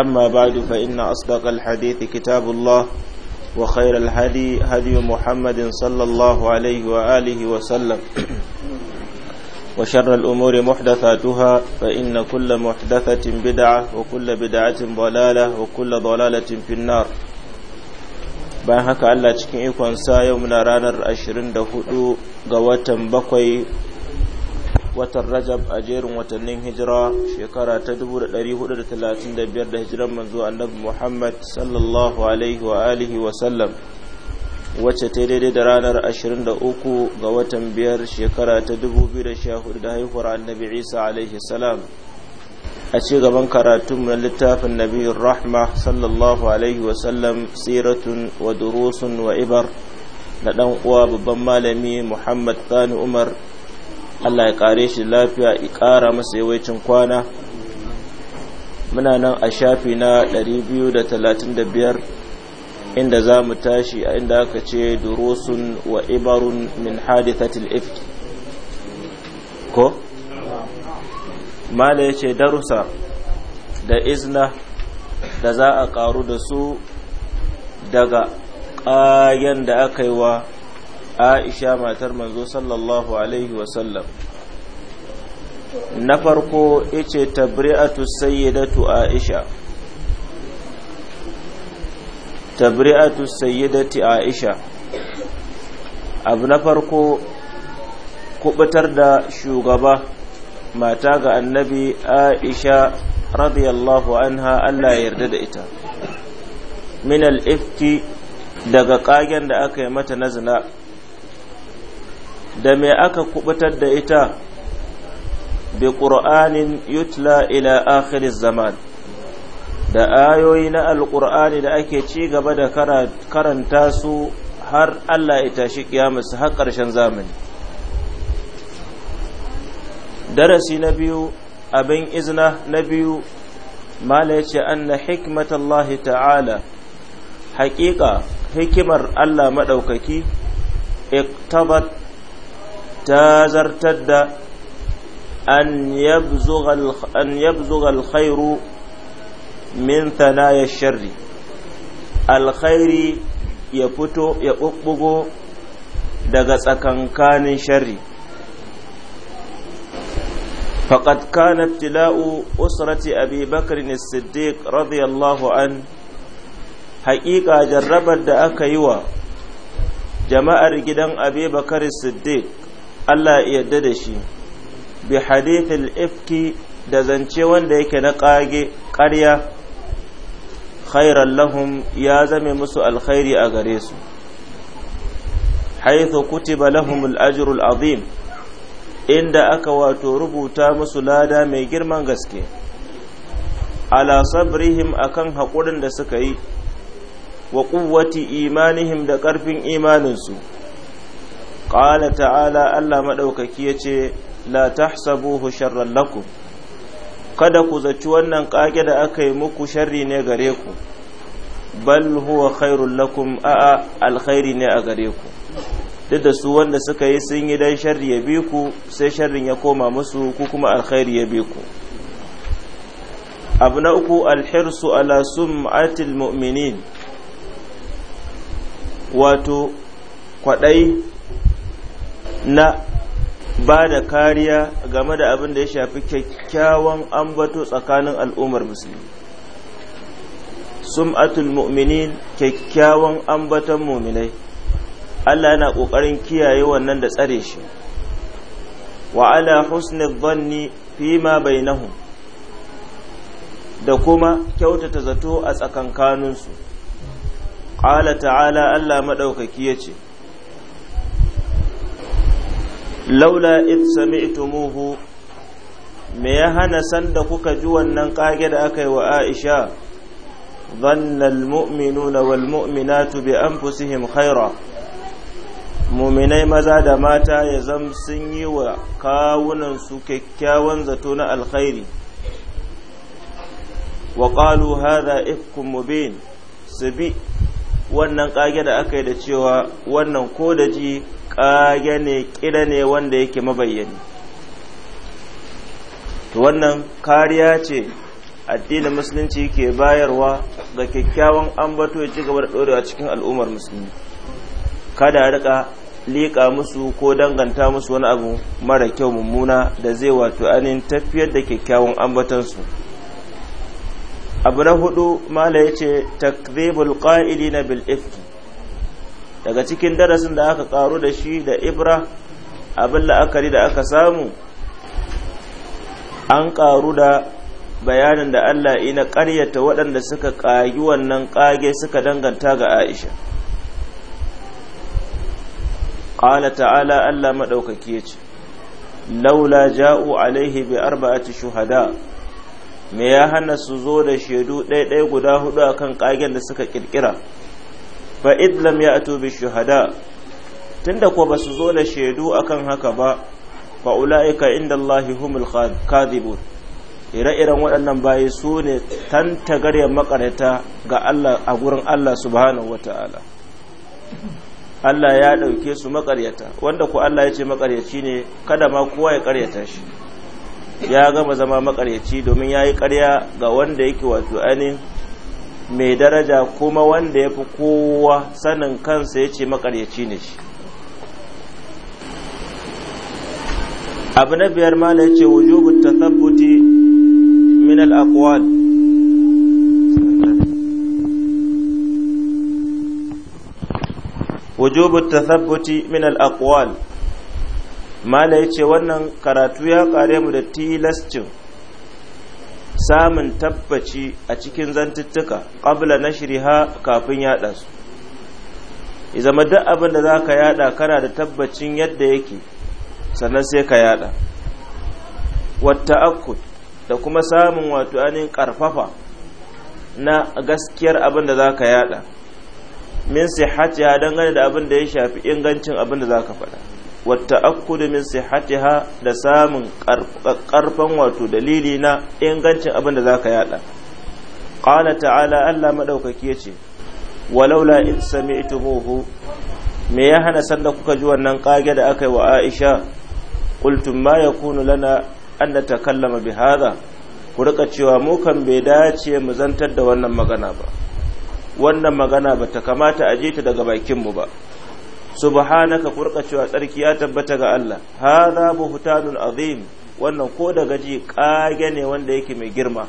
أما بعد فإن أصدق الحديث كتاب الله وخير الهدي هدي محمد صلى الله عليه وآله وسلم وشر الأمور محدثاتها فإن كل محدثة بدعة وكل بدعة ضلالة وكل ضلالة في النار bayan haka Allah cikin ikonsa yau muna ranar 24 ga watan bakwai watan Rajab a jerin watannin hijira shekara ta 435 da hijiran manzo annabi Muhammad sallallahu alaihi wa alihi wa sallam wacce ta daidai da ranar 23 ga watan biyar shekara ta 2014 da haihuwar annabi Isa alaihi salam a ce gaban karatun na littafin nabi rahma sallallahu alaihi wa sallam siratun wa durusun wa ibar na dan uwa babban malami Muhammad tani Umar Allah ya kare shi lafiya ya kara masa yawaicin kwana muna nan a shafi na 235 inda za mu tashi a inda aka ce durusun wa ibarun min hadithatil ifki ko? mala ya ce darusa da izna da za a karu da su daga kayan da aka yi wa aisha matar manzo sallallahu alaihi wasallam na farko ice tabri'atu sayyidatu aisha tabri'atu sayyidati aisha abu na farko kubutar da shugaba mata ga annabi aisha radiyallahu anha Allah ya yarda da ita min al-ifki daga kagen da aka yi mata na zina da me aka kubutar da ita bi ƙur'anin yutla ila akhiris zaman da ayoyi na alƙur'ani da ake ci gaba da karanta su har Allah ya tashi kiyamarsu har ƙarshen zamani darasi na biyu abin izina na biyu mala ya ce an na hikmatallahi ta'ala haƙiƙa hikimar Allah maɗaukaki iktabat ta zartar da an yabzuga alkhairu min thanaya sharri alkhairi ya fito ya ɓuɓɓugo daga tsakankanin shari. فقد كان ابتلاء أسرة أبي بكر الصديق رضي الله عنه حقيقة جربت دأك يوى جماعة جدن أبي بكر الصديق Allah ya yarda da shi bi hadithil ifki da zance wanda yake na ƙage ƙarya khairan lahum ya zame musu alkhairi a gare su haithu kutiba lahum al-ajru al-azim inda aka wato rubuta musu lada mai girman gaske ala sabrihim akan haƙurin da suka yi wa ƙuwwati imanihim da ƙarfin imaninsu ƙala ta'ala Allah maɗaukaki ya ce la tahsabuhu sharran lakum kada ku zaci wannan ƙage da aka yi muku sharri ne gare ku bal huwa khairul lakum a'a alkhairi ne a gare ku duk da su wanda suka yi sun yi dan sharri ya bi ku sai sharrin ya koma musu ku kuma alkhairi ya bi ku abu na uku alhirsu ala sum'atil mu'minin wato kwaɗai na ba da kariya game da abin da ya shafi kyakkyawan ambato tsakanin al'ummar musulmi sum'atul mu'minin kyakkyawan ambaton muminai Allah yana ƙoƙarin kiyaye wannan da tsare shi wa ala husni dhanni fima bainahum da kuma kyautata zato a tsakankaninsu qala ta'ala Allah maɗaukaki ya ce laula id sami'tumuhu me ya hana sanda kuka ji wannan kage da aka yi wa Aisha dhannal mu'minuna wal mu'minatu bi anfusihim khaira muminai maza da mata ya zam sun yi wa kawunan su kyakkyawan zato na alkhairi wa qalu hadha ifkum mubin wannan kage da aka yi da cewa wannan ko da ji ƙage ne kira ne wanda yake mabayyani to wannan kariya ce addinin musulunci ke bayarwa ga kyakkyawan ambato ya ci gaba da dorewa cikin al'ummar musulmi kada a rika liƙa musu ko danganta musu wani abu mara kyau mummuna da zai wato anin tafiyar da kyakkyawan ambatansu abu na hudu mala ya ce takzibul qa'ilina bil bil'ifki daga cikin darasin da aka karu da shi da ibra abin la'akari da aka samu an karu da bayanin da Allah ina ƙaryata waɗanda suka ƙagi wannan ƙage suka danganta ga Aisha ƙala ta'ala Allah maɗaukaki ce laula ja'u alaihi bi arba'ati shuhada me ya hana su zo da shaidu ɗaya guda hudu akan ƙagen da suka ƙirƙira fa id lam ya'tu bi shuhada tunda ko basu zo da shaidu akan haka ba fa ulaika inda Allahi humul kadibun ire-iren waɗannan bayi su ne tantagarya makarata ga Allah a gurin Allah subhanahu wata'ala Allah ya ɗauke su makaryata wanda ko Allah ya ce makaryaci ne kada ma kowa ya karyata shi ya gama zama makaryaci domin ya yi karya ga wanda yake wato ainihin mai daraja kuma wanda ya fi kowa sanin kansa ya ce makaryaci ne shi abu na biyar mala ya ce wujubu tabbuti min al-aqwal ta tabbuti min al'akwal ma ce wannan karatu ya kare mu da tilastin. samun tabbaci a cikin zantuttuka ƙabla na shiriha kafin yaɗa su ya zama duk abin da za ka yaɗa kana da tabbacin yadda yake sannan sai ka yaɗa wata akut da kuma samun wato anin ƙarfafa na gaskiyar abin da za ka yaɗa min don dangane da abin da ya shafi ingancin abin da za ka faɗa والتأكد من صحتها da samun karfan wato dalili na ingancin abin da zaka yada qala ta'ala Allah madaukaki yace walaula in sami'tumuhu me ya hana sanda kuka ji wannan kage da aka yi wa Aisha qultum ma kunu lana an natakallama bi hadha ku rika cewa mukan bai dace mu zantar da wannan magana ba wannan magana bata kamata a je ta daga bakin mu ba subhanaka kurka cewa tsarki ya tabbata ga Allah hadha buhtanul azim wannan ko da gaji kage ne wanda yake mai girma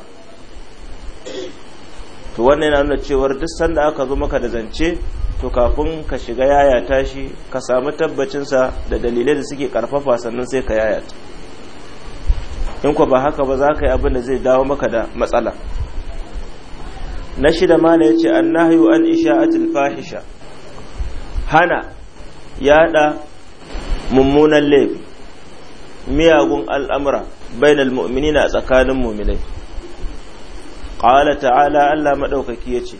to wannan yana nuna cewar duk sanda aka zo maka da zance to kafin ka shiga yaya shi ka samu tabbacinsa da dalilai da suke karfafa sannan sai ka yaya in ko ba haka ba za ka yi abin da zai dawo maka da matsala na shida mala ya ce annahyu an isha'atil fahisha hana yada mummunan laifi miyagun al'amura bainal mu'minina na tsakanin muminai ƙala ta'ala Allah maɗaukaki ya ce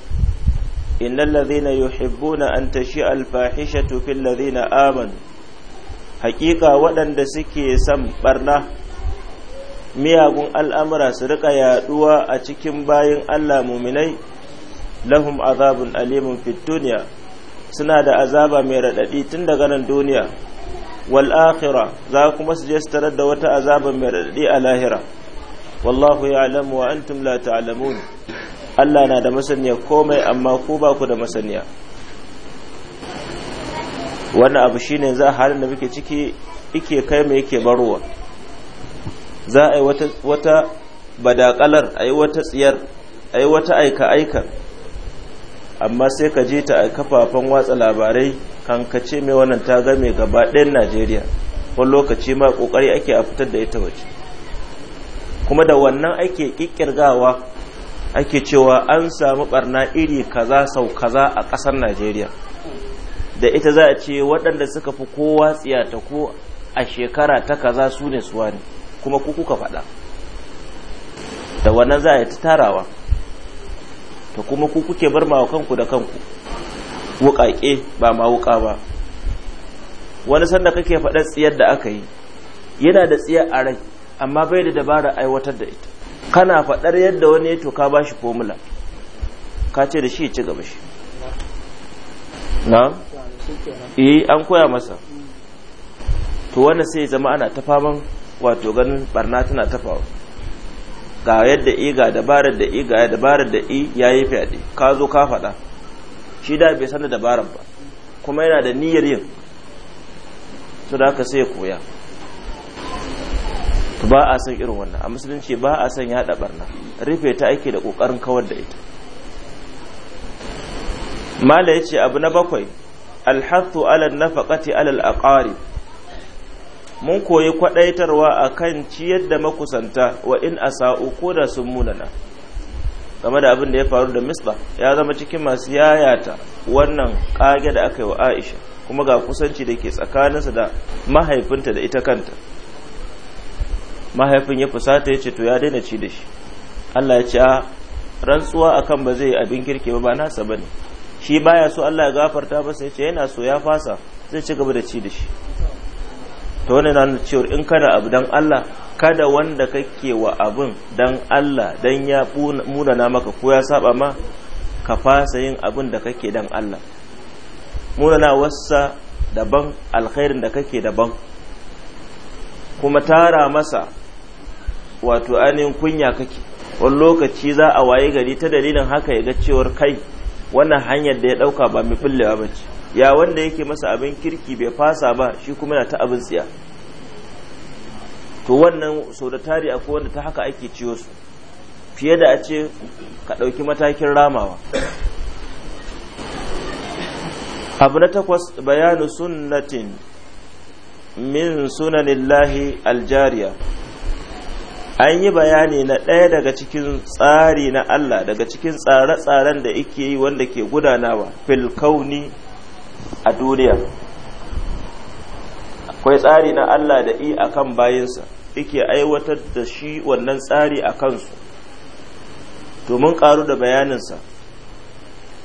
innal yau yuhibbuna an tashi alfahishatu tufin ladhina aman haƙiƙa waɗanda suke son ɓarna miyagun al'amura su riƙa yaɗuwa a cikin bayan Allah muminai lahum azabun alimun fit suna da azaba mai raɗaɗi tun daga nan duniya wal akhira za kuma su je su tarar da wata azaba mai raɗaɗi a lahira wallahu ya'lamu wa antum la ta'lamun Allah na da masaniya komai amma ku ba ku da masaniya Wani abu shine za halin da muke ciki yake kai mai yake barowa za a yi wata badakalar a yi wata tsiyar a yi wata aika-aika amma sai ka je ta a kafafen watsa labarai kan kace mai wannan ta game gaba ɗayan najeriya ko lokaci ma ƙoƙari ake a fitar da ita waje kuma da wannan ake ƙirƙirgawa ake cewa an samu ɓarna iri kaza sau kaza a ƙasar najeriya da ita za a ce waɗanda suka fi kowa tsiyata ko a shekara ta kaza su ne suwa ne kuma ku kuka faɗa da wannan za a yi ta tarawa ta kuma ku kuke bar ma kanku da kanku wuƙaƙe ba ma wuƙa ba wani sanda kake faɗar tsiyar da aka yi yana da tsiyar a rai amma bai da dabara aiwatar da ita kana faɗar yadda wani to ka ba shi formula ka ce da shi ci gaba shi na? eh an koya masa to wannan sai zama ana ta faman wato ganin barna tana ta ga yadda i ga dabarar da i ga dabarar da i ya yi fyaɗe ka zo ka faɗa shi da bai san da dabarar ba kuma yana da niyyar yin su da aka sai koya to ba a san irin wannan a musulunci ba a san yaɗa ɓarna rufe ta ake da ƙoƙarin kawar da ita mala ya ce abu na bakwai alhattu alal nafaqati alal aqari mun koyi kwadaitarwa a kan ciyar da makusanta wa in a sa'u ko da sun munana game da abin da ya faru da misba ya zama cikin masu yayata wannan kage da aka yi wa aisha kuma ga kusanci da ke tsakaninsa da mahaifinta da ita kanta mahaifin ya fusata ya ce to ya daina ci da shi allah ya ce a rantsuwa akan ba zai abin kirki ba ba ne. shi baya so allah ya gafarta ba sai ce yana so ya fasa zai ci gaba da ci da shi ta wani na nuna cewa in kana abu dan Allah kada wanda kake wa abin dan Allah don ya munana maka ko ya saba ma ka fasa yin abin da kake dan Allah munana wasa daban alkhairin da kake daban kuma tara masa wato ainihin kunya kake wani lokaci za a waye gari ta dalilin haka ya ga cewar kai wannan hanyar da ya dauka ba mai bullewa ba ce ya wanda yake masa abin kirki bai fasa ba shi kuma na ta abin tsiya to wannan sau da tari akwai wanda ta haka ake ciyo su fiye da a ce ka ɗauki matakin ramawa abu na takwas bayanu sunnatin min sunanin lahi aljariya an yi bayani na ɗaya daga cikin tsari na Allah daga cikin tsare-tsaren da ike yi wanda ke gudanawa filkauni. a duniya akwai tsari na Allah da i a kan bayinsa yake aiwatar da shi wannan tsari a kansu domin ƙaru da bayaninsa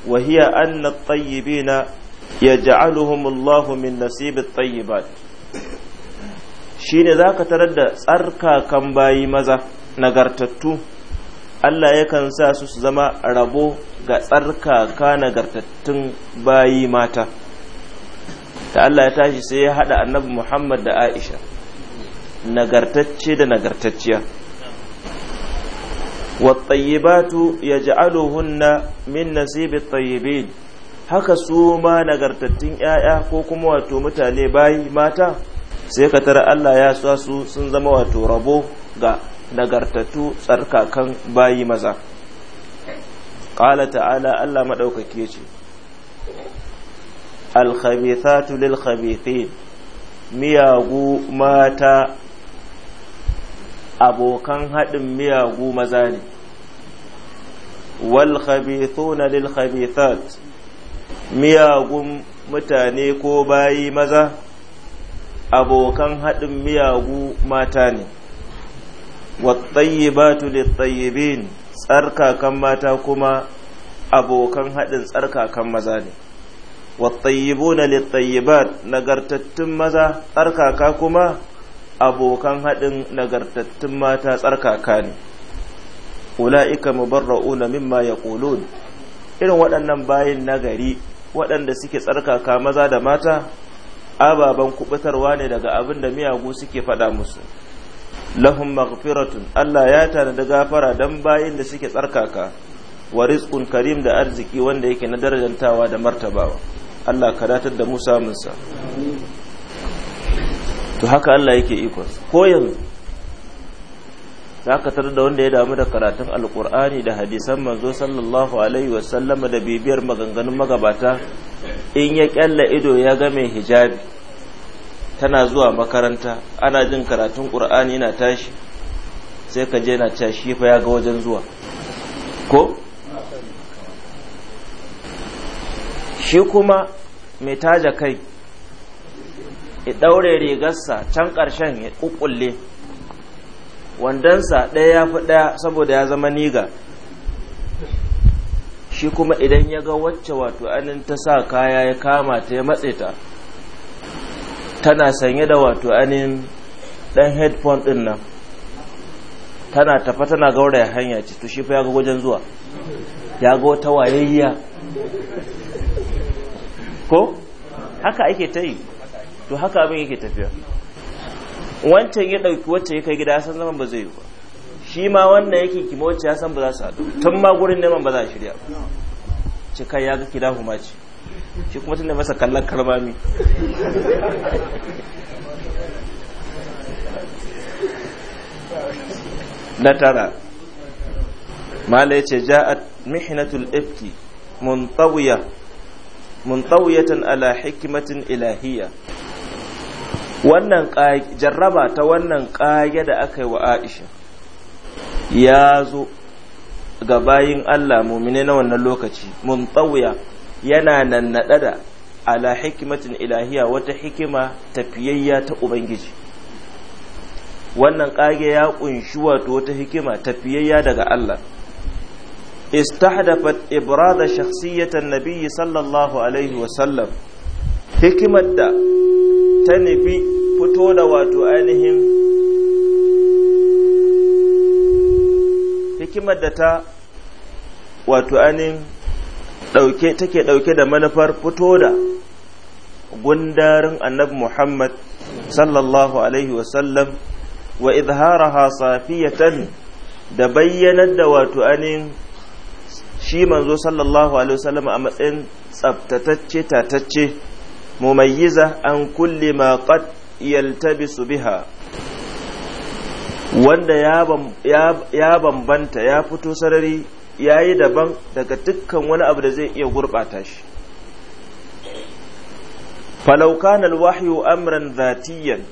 wahiya anna tayyibina ya ja'aluhumullahu min nasibin tayyibat shi ne za ka tarar da tsarkakan bayi maza nagartattu Allah yakan sa su su zama rabo ga tsarkaka nagartattun bayi mata da Allah ya tashi sai ya hada annabi Muhammad da Aisha nagartacce da nagartacciya wattayyibatu yaj'aluhunna min nasibi tayyibin haka su ma nagartattun yaya ko kuma wato mutane bayi mata sai ka tara Allah ya sa su sun zama wato rabo ga nagartattu tsarkakan bayi maza qala ta'ala Allah madaukake ce alkhabithatu lil khabithin miyagu mata abokan haɗin miyagu maza ne wal khabithuna lil khabithat miyagun mutane ko bayi maza abokan haɗin miyagu mata ne wattayyibatu littayyibin tsarkakan mata kuma abokan haɗin tsarkakan maza ne wattayyibuna littayyibat nagartattun maza tsarkaka kuma abokan haɗin nagartattun mata tsarkaka ne ula'ika mubarra'una mimma yaqulun irin waɗannan bayin nagari waɗanda suke tsarkaka maza da mata ababan kubutarwa ne daga abin da miyagu suke faɗa musu lahum maghfiratun Allah ya tanada gafara dan bayin da suke tsarkaka wa rizqun karim da arziki wanda yake na darajantawa da martabawa Allah ka datar da mu samunsa to haka Allah yake ikon ko yanzu za ka da wanda ya damu da karatun alkur'ani da hadisan manzo sallallahu alaihi wasallam da bibiyar maganganun magabata in ya kyalla ido ya ga mai hijabi tana zuwa makaranta ana jin karatun qur'ani na tashi sai ka je na tashi fa ya ga wajen zuwa ko shi kuma mai taja kai ya ɗaure rigarsa can ƙarshen ya ƙuƙulle wandonsa ɗaya ya fi ɗaya saboda ya zama niga shi kuma idan ya ga wacce wato anin ta sa kaya ya kama ta ya matse ta tana sanye da wato anin ɗan headphone ɗin nan tana tafa tana gauraya hanya ce to shi fa ya ga wajen zuwa ya ga wata wayayya ko haka ake ta yi to haka abin yake tafiya wancan ya ɗauki wacce ya kai gida san zaman ba zai yi ba shi ma wannan yake kima wacce ya san ba za su haɗu tun ma gurin neman ba za a shirya ba kai ya ga kida huma ce shi kuma tun da masa kallon kalmami na tara la ya ce ja'at mihnatul ifki muntawiya muntawiyatan ala hikimatin ilahiyya wannan jarraba ta wannan ƙage da aka yi wa Aisha ya zo ga bayin Allah mumine na wannan lokaci muntawiya yana nannaɗa da ala hikimatin ilahiya wata hikima tafiyayya ta ubangiji wannan kage ya ƙunshi wato wata hikima tafiyayya daga Allah istahdapat ibrada shakhsiyatan nabiyyi sallallahu alaihi wasallam hikimar da ta nufi fito da wato ainihin hikimar da ta ɗauke take ɗauke da manufar fito da gundarin annabi Muhammad sallallahu Alaihi wasallam wa izharaha safiyatan da bayyanar da wato anin shi manzo sallallahu alaihi wasallam a matsayin tsaftatacce tatacce mumayyiza an kulli ma qad yaltabisu biha wanda ya bambanta ya fito sarari ya yi daban daga dukkan wani abu da zai iya gurɓata shi falaukan alwahyu amran zatiyan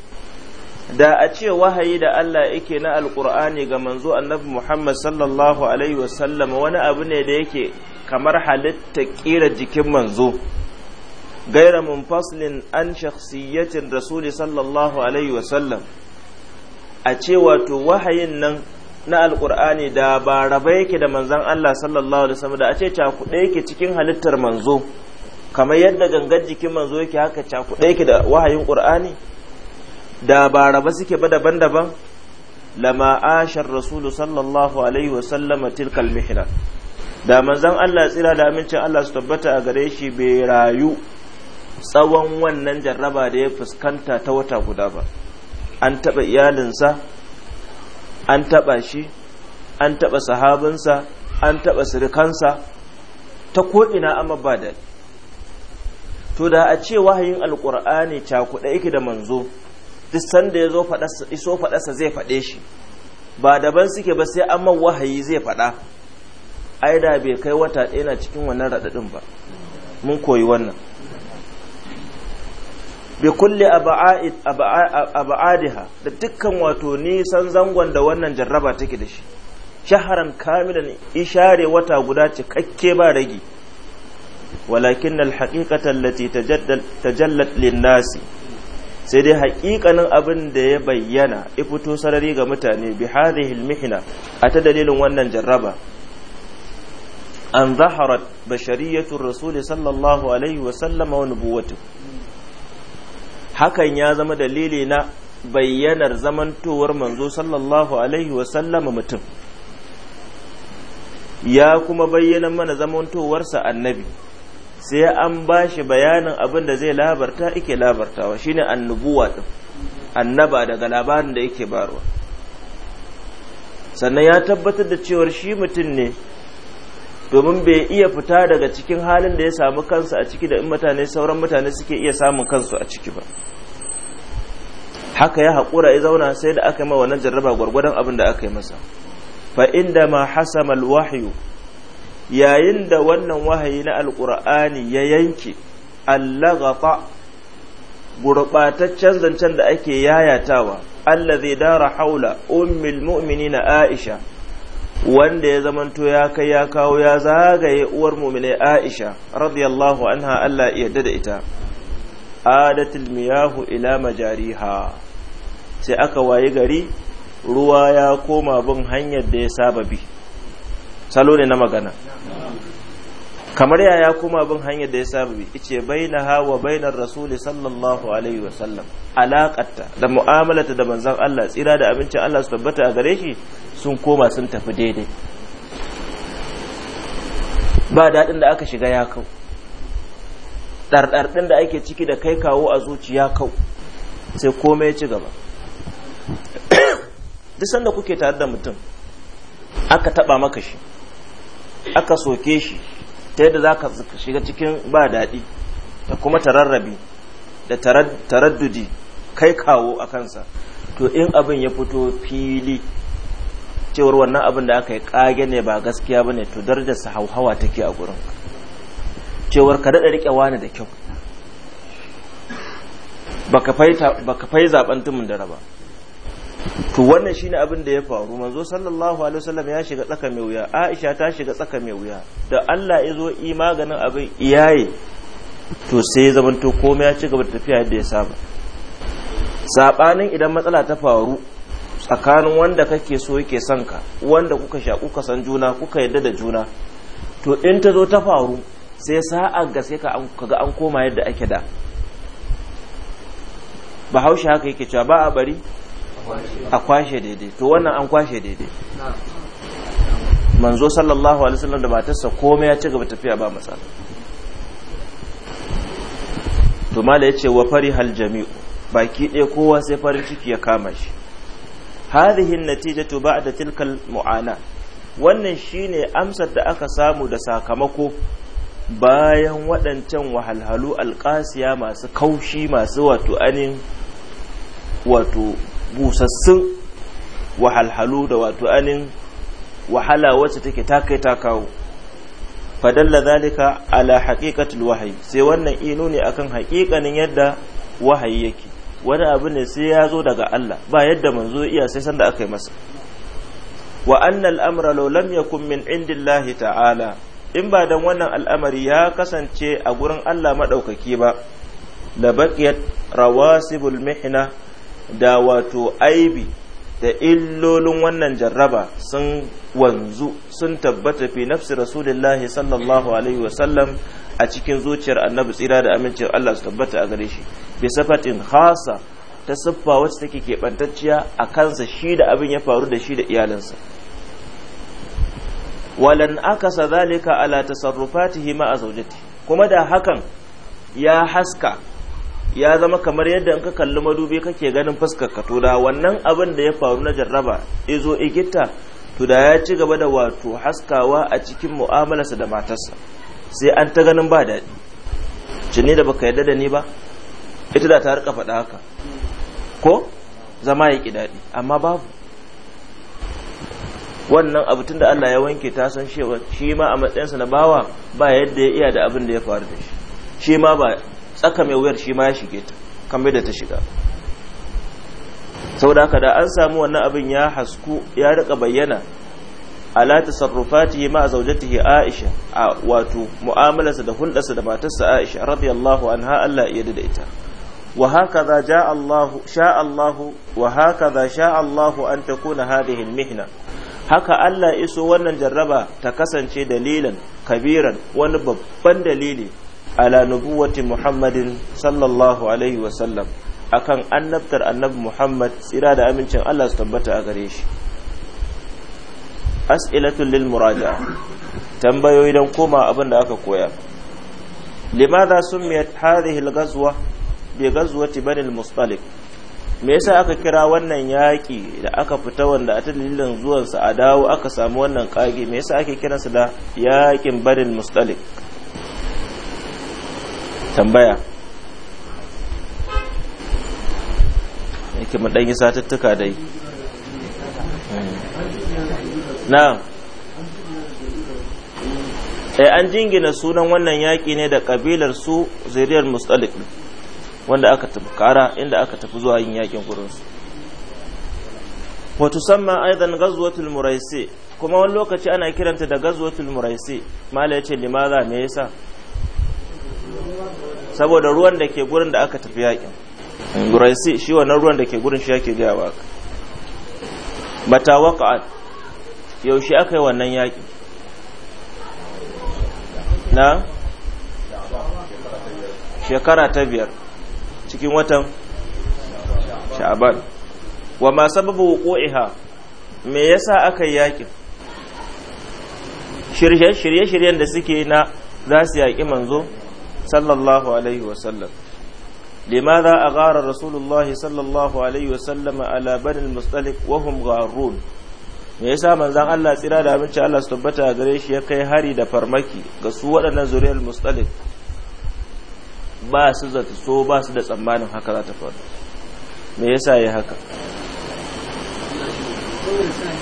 da a ce wahayi da Allah yake na alkur'ani ga manzo annabi Muhammad sallallahu alaihi wasallam wani abu ne da yake kamar halitta kira jikin manzo gaira munfaslin an shakhsiyatin rasuli sallallahu alaihi wasallam a ce wato wahayin nan na alkur'ani da ba raba yake da manzon Allah sallallahu alaihi wasallam da a ce cakuɗe yake cikin halittar manzo kamar yadda gangar jikin manzo yake haka cakuɗe yake da wahayin qur'ani da ba raba suke ba daban-daban lama ashar rasulu sallallahu alaihi wasallama tilkal mihra da manzon Allah tsira da amincin Allah su tabbata a gare shi bai rayu tsawon wannan jarraba da ya fuskanta ta wata guda ba an taɓa iyalinsa an taɓa shi an taɓa sahabinsa an taɓa sirikansa ta ko'ina amma ba da to da a ce wahayin alkur'ani cakuɗa yake da manzo duk sanda ya zo iso faɗarsa zai faɗe shi ba daban suke ba sai amma wahayi zai faɗa ai da bai kai wata ɗaya na cikin wannan raɗaɗin ba mun koyi wannan bi kulli aba'adiha da dukkan wato nisan zangon da wannan jarraba take da shi shaharan kamilan ishare wata guda cikakke ba rage walakin alhaqiqatan allati tajallat lin-nasi sai dai haƙiƙanin abin da ya bayyana ya fito sarari ga mutane bi hadhihi almihna a ta dalilin wannan jarraba an zaharat bashariyatu rasul sallallahu alaihi wa sallama wa hakan ya zama dalili na bayyanar zamantowar manzo sallallahu alaihi wa sallama mutum ya kuma bayyana mana zamantowarsa annabi sai an ba shi bayanin abin da zai labarta yake labartawa shine annubuwa din annaba daga labarin da yake barwa sannan ya tabbatar da cewar shi mutum ne domin bai iya fita daga cikin halin da ya samu kansu a ciki da in mutane sauran mutane suke iya samun kansu a ciki ba haka ya haƙura ya zauna sai da aka yi ma wannan jarraba gwargwadon abin da aka yi masa fa inda ma hasama alwahyu yayin da wannan wahayi na alkur'ani ya yanke allagata gurbataccen zancen da ake yayatawa zai dara haula ummil mu'minina aisha wanda ya zamanto ya kai ya kawo ya zagaye uwar muminai aisha radiyallahu anha Allah ya yarda da ita adatul miyahu ila majariha sai aka wayi gari ruwa ya koma bin hanyar da ya saba bi salo ne na magana kamar yaya kuma bin hanyar da ya samu bi ice baina ha wa bainar rasuli sallallahu alaihi wa sallam alaƙarta da mu'amalata da manzon Allah tsira da abincin Allah su tabbata a gare shi sun koma sun tafi daidai ba daɗin da aka shiga ya kau ɗarɗarɗin da ake ciki da kai kawo a zuciya kau sai komai ya ci gaba duk sanda kuke tare da mutum aka taɓa maka shi aka soke shi ta yadda za ka shiga cikin ba daɗi da kuma tararrabi da taraddudi kai kawo a kansa to in abin ya fito fili cewar wannan abin da aka yi ƙage ne ba gaskiya ba ne to darajarsa hauhawa take a gurin cewar ka daɗa riƙe wani da kyau ba ka fai zaɓen tumin da raba to wannan shine abin da ya faru manzo sallallahu alaihi wasallam ya shiga tsaka mai wuya Aisha ta shiga tsaka mai wuya da Allah ya zo yi maganin abin iyaye to sai ya to komai ya ci gaba da tafiya yadda ya saba sabanin idan matsala ta faru tsakanin wanda kake so yake son ka wanda kuka shaku ka san juna kuka yadda da juna to in ta zo ta faru sai sa'a ga sai ka ga an koma yadda ake da bahaushe haka yake cewa ba a bari a kwashe daidai to wannan an kwashe daidai manzo sallallahu alaihi wasallam da matarsa komai ya ci gaba tafiya ba matsala to mala yace wa hal jami'u baki ɗaya kowa sai farin ciki ya kama shi hadhihi natijatu ba'da tilkal mu'ana wannan shine amsar da aka samu da sakamako bayan waɗancan wahalhalu alƙasiya masu kaushi masu wato anin wato busassun wahalhalu da wato anin wahala wacce take ta kai ta kawo fadalla zalika ala haqiqatil wahayi sai wannan ino ne akan haƙiƙanin yadda wahayi yake wani abu ne sai ya zo daga Allah ba yadda manzo iya sai sanda aka yi masa wa anna al'amra law lam yakun min indillahi ta'ala in ba dan wannan al'amari ya kasance a gurin Allah madaukaki ba labaqiyat rawasibul mihna da wato aibi da illolin wannan jarraba sun wanzu sun tabbata fi nafsi rasulullahi sallallahu alaihi wasallam a cikin zuciyar annabi tsira da amincin Allah su tabbata a gare shi bi safatin khasa ta siffa wacce take keɓantacciya a kansa shi da abin ya faru da shi da iyalansa. walan akasa zalika ala tasarrufatihi ma'a zaujati kuma da hakan ya haska ya zama kamar yadda in ka kalli madubi kake ganin fuskarka to da wannan abin da ya faru na jarraba izo igitta to da ya ci gaba da wato haskawa a cikin mu'amalarsa da matarsa sai an ta ganin ba daɗi cinni da baka yarda da ni ba ita da ta rika faɗa haka ko zama ya ƙi daɗi amma babu wannan abu tun da Allah ya wanke ta san shi ma a matsayinsa na bawa ba yadda ya iya da abin da ya faru da shi shi ma ba tsaka mai wuyar shi ma ya shige ta kamar da ta shiga saboda haka da an samu wannan abin ya hasku ya rika bayyana ala tasarrufatihi ma zawjatihi Aisha a wato mu'amalarsa da hulɗarsa da matarsa Aisha radiyallahu anha Allah ya da ita wa hakaza ja Allah sha Allah wa hakaza sha Allah an mihna haka Allah iso wannan jarraba ta kasance dalilan kabiran wani babban dalili ala nubuwati muhammadin sallallahu alaihi wasallam akan annabtar annabi muhammad tsira da amincin allah su tabbata a gare shi asilatu lil muraja tambayoyi don koma abin da aka koya limadha summiyat hadhihi al-ghazwa bi ghazwati bani al-mustalik me yasa aka kira wannan yaƙi da aka fita wanda a ta dalilin zuwansa a dawo aka samu wannan ƙage me yasa ake kiransa da yaƙin bani al-mustalik tambaya yake mu yi satuttuka dai hmm. na sai eh, an jingina sunan wannan yaƙi ne da ƙabilar su zuriyar mustalik wanda aka tafi kara inda aka tafi zuwa yin yaƙin gurinsu wato samman aizan gazuwatul muraisi kuma wani lokaci ana kiranta da gazuwatul muraisi mala ya ce limaza me yasa saboda ruwan da ke gurin da aka tafi yakin guraisi shi wannan ruwan da ke gurin shi yake gaya wa aka mata waka'at yaushe aka yi wannan yakin na shekara ta biyar cikin watan sha'aban wa ma sababu wuqu'iha me yasa aka yi yakin shirye-shiryen da suke na za su yaƙi manzo sallallahu alaihi wasallam لماذا أغار رسول الله صلى الله عليه وسلم على بني المصطلق وهم غارون me yasa manzon Allah tsira da abinci Allah su tabbata gare shi ya kai hari da farmaki ga su waɗannan zuriyar mustalik ba su zata so ba su da tsammanin haka za ta faru me yasa ya haka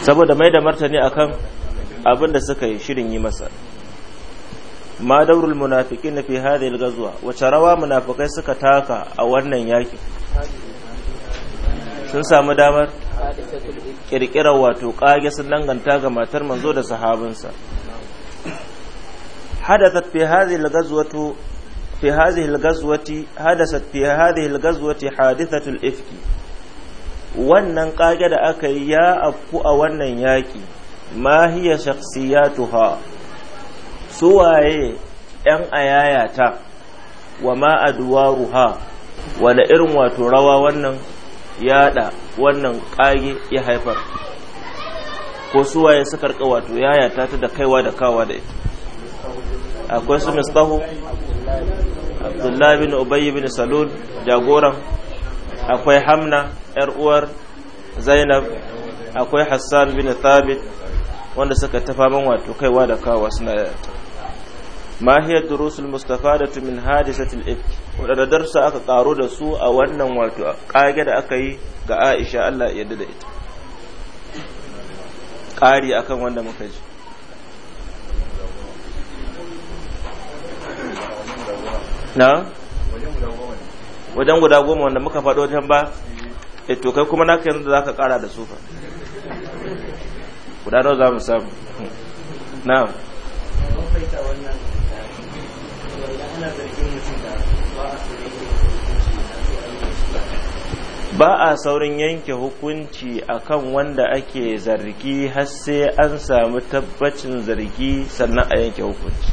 saboda mai da martani akan abin da suka yi shirin yi masa ma daurul munafiqin fi hadhihi al-ghazwa wace rawa munafikai suka taka a wannan yaki sun samu damar kirkirar wato kage sun danganta ga matar manzo da sahabinsa hadathat fi hadhihi al-ghazwatu fi hadhihi al-ghazwati hadathat fi hadhihi al-ghazwati hadithatul ifki wannan kage da aka yi ya afku a wannan yaki ma hiya shakhsiyatuha suwaye ‘yan ayayata wa ma'aduwa ruha wane irin wato rawa wannan yada wannan kage ya haifar ko suwaye suka rika wato yayata ta da kaiwa da kawa da ita akwai su mistahu abdullahi bin ubayi bin salul jagoran akwai hamna ‘yar uwar zainab akwai hassan bin thabit wanda suka tafa man wato kaiwa da kawa suna yayata ma hiya durusul mustafadatu min hadisatil ifk wadanda darsa aka karo da su a wannan wato kage da aka yi ga Aisha Allah ya da ita kari akan wanda muka ji wajen guda goma wanda muka faɗo wajen ba to kai kuma naka yanzu zaka kara da su fa guda nawa za mu samu na'am ba a saurin yanke hukunci akan wanda ake zargi har sai an samu tabbacin zargi sannan a yanke hukunci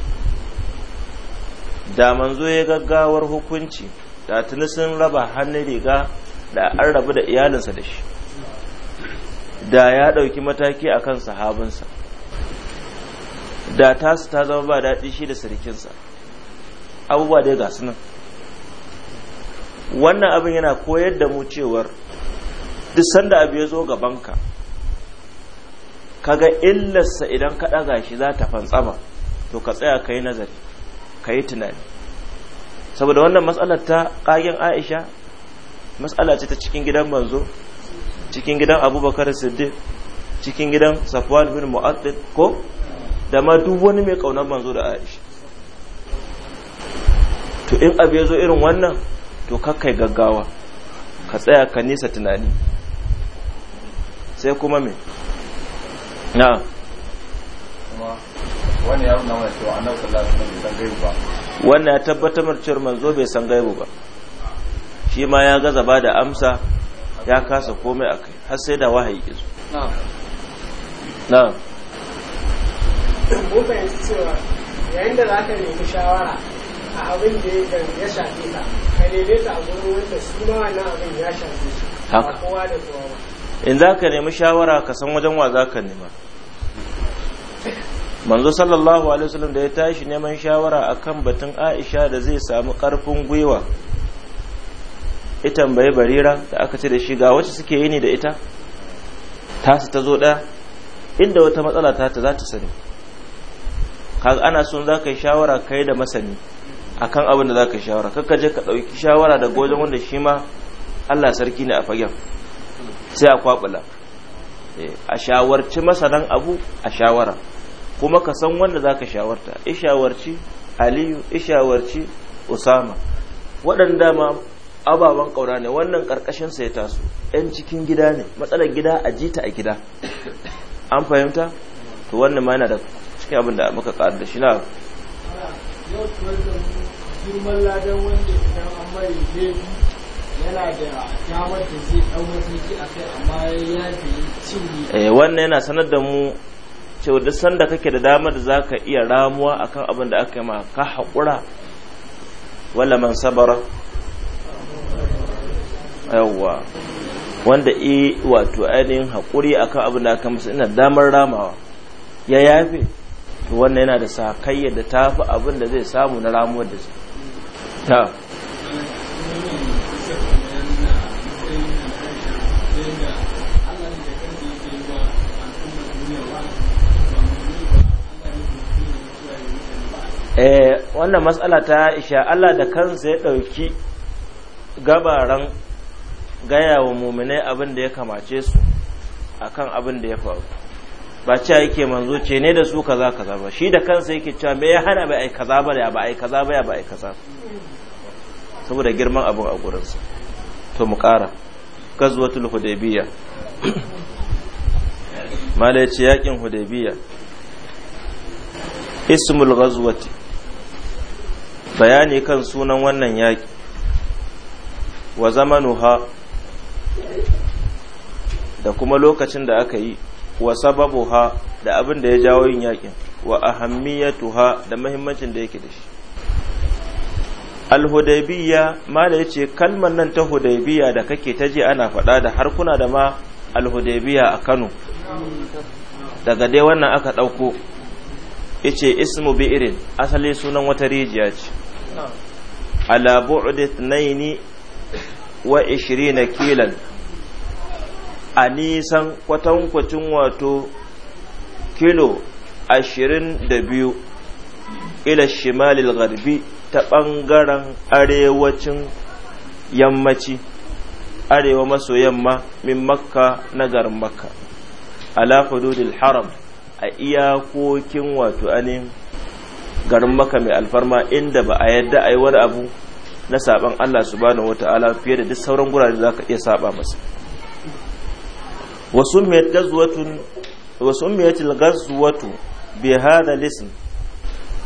da manzo ya gaggawar hukunci da tuni sun raba hannun riga da an rabu da iyalinsa da shi da ya ɗauki mataki a kan sahabinsa da tasu ta zama ba daɗi shi da sarkinsa abubuwa dai ga sunan wannan abin yana koyar da mu cewar duk sanda abu ya zo gabanka kaga illarsa idan ka ɗaga shi za ta fantsama to ka tsaya ka yi nazari ka yi tunani saboda wannan matsalar ta ƙagen aisha matsala ce ta cikin gidan manzo cikin gidan abubakar siddiq cikin gidan safwan bin mu'addin ko da ma duk wani mai ƙaunar manzo da aisha to in abu ya zo irin wannan to kakai gaggawa ka tsaya ka nisa tunani sai kuma me na bai san ba wannan ya tabbatar marciyar manzo bai san gaibu ba shi ma ya gaza ba da amsa ya kasa komai akai har sai da wahayi izo na'am na'am ko fahimci cewa yayin da zaka nemi shawara a abin da ya shafe ka ka neme ta a gurin wanda su ma wannan abin ya shafe shi ba kowa da kowa ba in za ka nemi shawara ka san wajen wa za ka nema manzo sallallahu alaihi wasallam da ya tashi neman shawara akan batun Aisha da zai samu karfin gwiwa ita tambayi barira da aka ce da shi ga wacce suke yini da ita tasu ta zo ɗaya inda wata matsala ta ta za ta sani kaga ana son za ka yi shawara kai da masani akan abin da zaka ka shawara kakka je ka ɗauki shawara daga wajen wanda shi ma allah sarki ne a fagen sai a kwaɓula eh, a shawarci masanan abu a shawara kuma ka san wanda za ka i ishawarci aliyu shawarci usama waɗanda ma ababen kaura ne wannan ƙarƙashinsa ya taso ɗan cikin gida ne matsalar gida a jita a gida an fahimta to wannan ma yana da cikin abin da muka ƙaru da shi na girman ladan wanda idan an mai yana da damar da zai a kai amma ya fi eh, wannan yana sanar da mu cewa duk sanda kake da damar da zaka iya ramuwa akan abin da aka yi ma ka haƙura wala man sabara yawwa wanda i wato ainihin haƙuri akan abin da aka masa ina damar ramawa ya yafe to wannan yana da sakayyar da tafi abin da zai samu na ramuwar da zai ta eh, wannan matsala ta isha Allah da kansa ya ɗauki gabaran gaya wa muminai abin da ya kamace su akan abin da ya faru ba cewa yake manzo ce ne da su kaza kaza ba shi da kansa yake cewa me ya hana bai ai kaza ba ya ba ai kaza ba ya ba ai kaza ba saboda girman abin a gurinsa to mu ƙara gazuwatul hudaybiya mala yakin hudaybiya ismul gazuwati bayani kan sunan wannan yaƙi wa zamanuha da kuma lokacin da aka yi wa sababuha da abin da ya jawo yin yaƙin wa ahammiyatuha da muhimmancin da yake da shi alhudaibiya mala ya ce kalmar nan ta hudaibiya da kake ta je ana faɗa da harkuna da ma alhudaibiya a kano daga dai wannan aka ɗauko ya ce ismu bi'irin asali sunan wata rijiya ce ala bu'udit naini wa na kilan a nisan kwatankwacin wato kilo ashirin da biyu ila shimalil garbi ta ɓangaren arewacin yammaci arewa maso yamma min makka na garin makka ala hududil haram a iyakokin wato anin garin makka mai alfarma inda ba a yadda a yi wani abu na saban Allah subhanahu wata'ala fiye da duk sauran gurare za ka iya saba masa wasu miyar gazuwatu bi hada lisan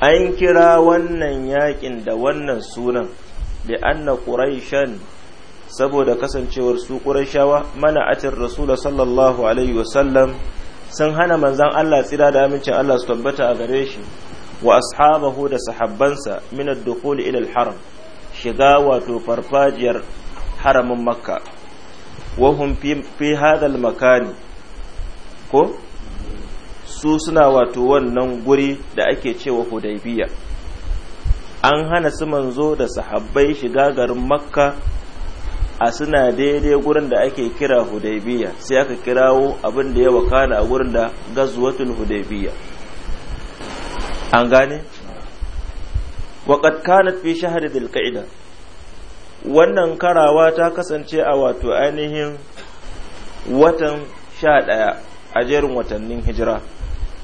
an kira wannan yakin da wannan sunan da anna quraishan saboda kasancewar su quraishawa mana atir rasul sallallahu alaihi wasallam sun hana manzon Allah tsira da amincin Allah su tabbata a gare shi wa ashabahu da sahabbansa min ad-dukhul ila al-haram shiga wato farfajiyar haramin makka wa hum fi hadha makani ko su suna wato wannan guri da ake cewa hudaybiya an hana su manzo da sahabbai shiga garin makka a suna daidai gurin da ake kira hudaybiya sai aka kirawo abin da ya wakana a gurin da gazwatul hudaybiya an gane waqad kanat fi shahar dhil wannan karawa ta kasance a wato ainihin watan 11 a jerin watannin hijira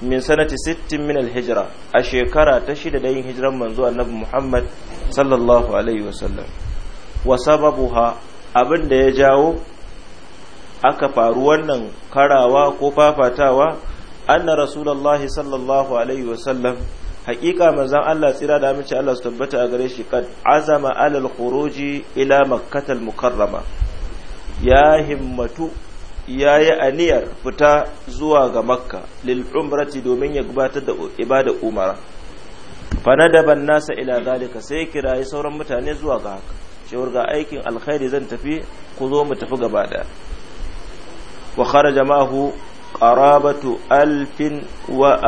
min sanati 60 min alhijra a shekara ta shida da yin hijiran manzo annabi Muhammad sallallahu alaihi sallam wa sababuha abin da ya jawo aka faru wannan karawa ko fafatawa anna rasulullahi sallallahu alaihi sallam haƙiƙa manzon Allah tsira da amince Allah su tabbata a gare shi kad azama alal khuruji ila makkatal mukarrama ya himmatu ya yi aniyar fita zuwa ga makka lil domin ya gabatar da ibada umara daban nasa ila zalika sai kirayi sauran mutane zuwa ga haka cewar ga aikin alkhairi zan tafi ku zo mu tafi gaba da wa kharaja ma'ahu qarabatu alfin wa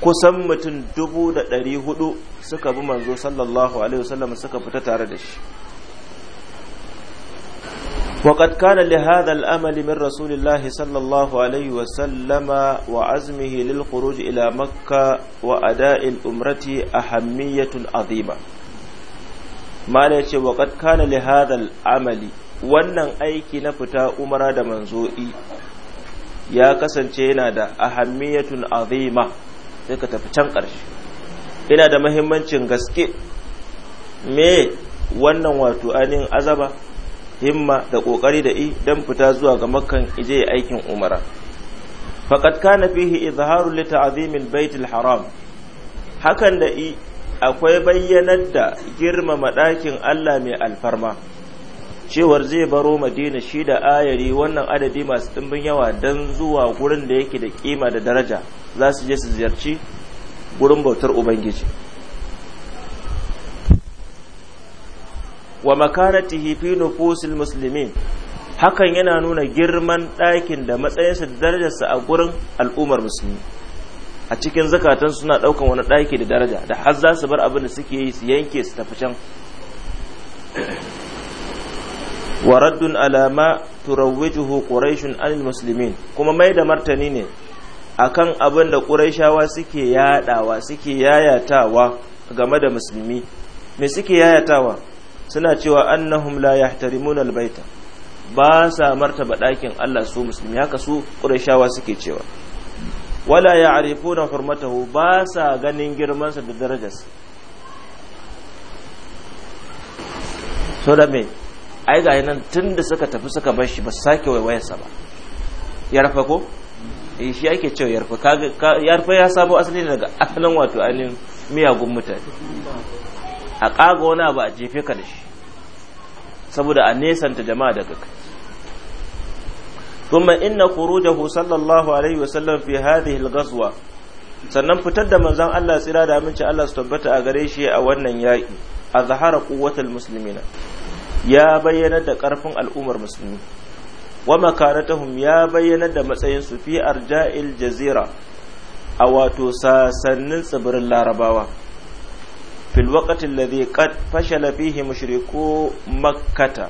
kusan mutum dubu da ɗari hudu suka bi manzo sallallahu alaihi wasallam suka fita tare da shi وقد كان لهذا الأمل من رسول الله صلى الله عليه وسلم وعزمه للخروج إلى مكة وأداء الأمرة أهمية عظيمة ما نيتي وقد كان لهذا الأمل wannan aiki na fita umara da manzo'i ya kasance yana da ahammiyatun azima sai ka tafi can ƙarshe yana da mahimmancin gaske me wannan wato ainihin azaba himma da kokari da i dan fita zuwa ga makkan ije aikin umara faqad kana fihi izharu li ta'zim al-bayt haram hakan da i akwai bayyanar da girmama ɗakin Allah mai alfarma cewar zai baro madina shi da ayari wannan adadi masu dimbin yawa dan zuwa gurin da yake da kima da daraja za su je su ziyarci gurin bautar ubangiji wa makanatihi fi nufusil muslimin hakan yana nuna girman ɗakin da matsayinsa da darajarsa a gurin al'ummar musulmi a cikin zakatan suna ɗaukan wani ɗaki da daraja da har za su bar abin da suke yi su yanke su tafi can wa raddun alama turawwijuhu quraishun anil muslimin kuma mai da martani ne akan abin da quraishawa suke yadawa suke yayatawa game da musulmi me suke yayatawa suna cewa annahum la yahtarimuna albayta ba sa martaba dakin Allah su musulmi haka su ƙurashawa suke cewa wala ya'rifuna hurmatahu ba sa ganin girman sa da darajarsa so da me ai ga nan tunda suka tafi suka bar shi ba su sake sa ba ya rafa ko eh shi ake cewa yarfa kaga yarfa ya sabo asali daga asalin wato ainihin miyagun mutane a ƙaga wani abu a jefe ka da shi saboda a nesanta jama'a daga kai kuma inna خروجه sallallahu alaihi wasallam fi hadhihi هذه sannan fitar da manzon Allah tsira da aminci Allah su tabbata a gare shi a wannan yaki a zahara quwwatul muslimina ya bayyana da karfin al'ummar musulmi wa makaratuhum ya bayyana da matsayin su fi arja'il jazira a wato sasannin tsibirin larabawa fil waqtin ladhi qad fashala fihi makkata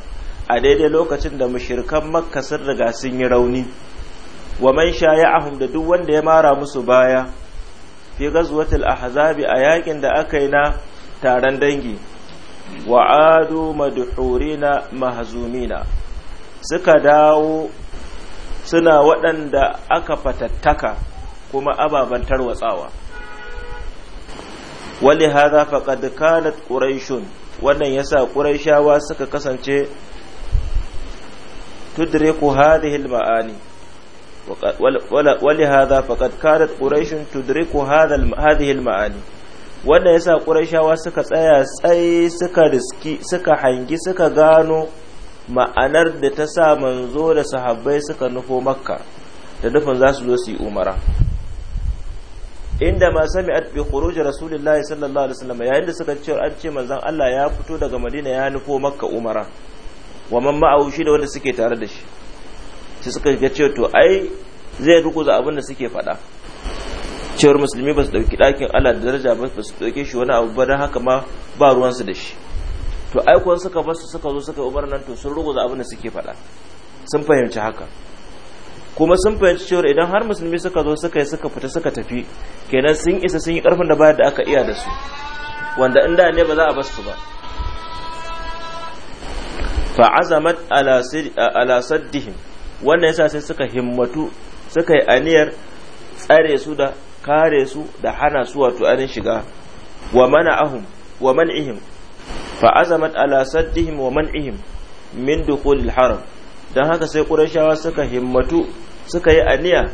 a daidai lokacin da mushrikan makka sun riga sun yi rauni wa man shaya'ahum da duk wanda ya mara musu baya fi ghazwatil ahzabi a yaƙin da aka yi na taron dangi wa adu madhurina mahzumina suka dawo suna waɗanda aka fatattaka kuma ababen tarwatsawa wali hadha faqad kanat quraishun wannan yasa quraishawa suka kasance tudriku hadhihi al-ma'ani wali hadha faqad kanat quraishun tudriku hadha hadhihi wannan yasa quraishawa suka tsaya tsaye suka riski suka hangi suka gano ma'anar da ta sa manzo da sahabbai suka nufo makka da nufin za su zo su yi umara inda ma sami'at bi khuruj rasulillahi sallallahu alaihi wasallam yayin da suka ce an ce manzon Allah ya fito daga Madina ya nufo Makka umara wa man ma'ahu shi da wanda suke tare da shi sai suka ga cewa to ai zai ruguza abin da suke faɗa cewar musulmi ba su ɗauki ɗakin Allah da daraja ba su ɗauke shi wani abu ba don haka ma ba ruwansu da shi to ai kuwa suka basu suka zo suka ubar nan to sun ruguza abin da suke faɗa sun fahimci haka kuma sun fahimci cewa idan har musulmi suka zo suka yi suka fita suka tafi kenan sun isa sun yi karfin da bayar da aka iya da su wanda inda ne ba za a basu ba fa azamat ala saddihim wannan yasa sai suka himmatu suka yi aniyar tsare su da kare su da hana su wato anin shiga wa mana'ahum wa man'ihim fa azamat ala saddihim wa man'ihim min dukhulil haram dan haka sai qurayshawa suka himmatu suka yi aniya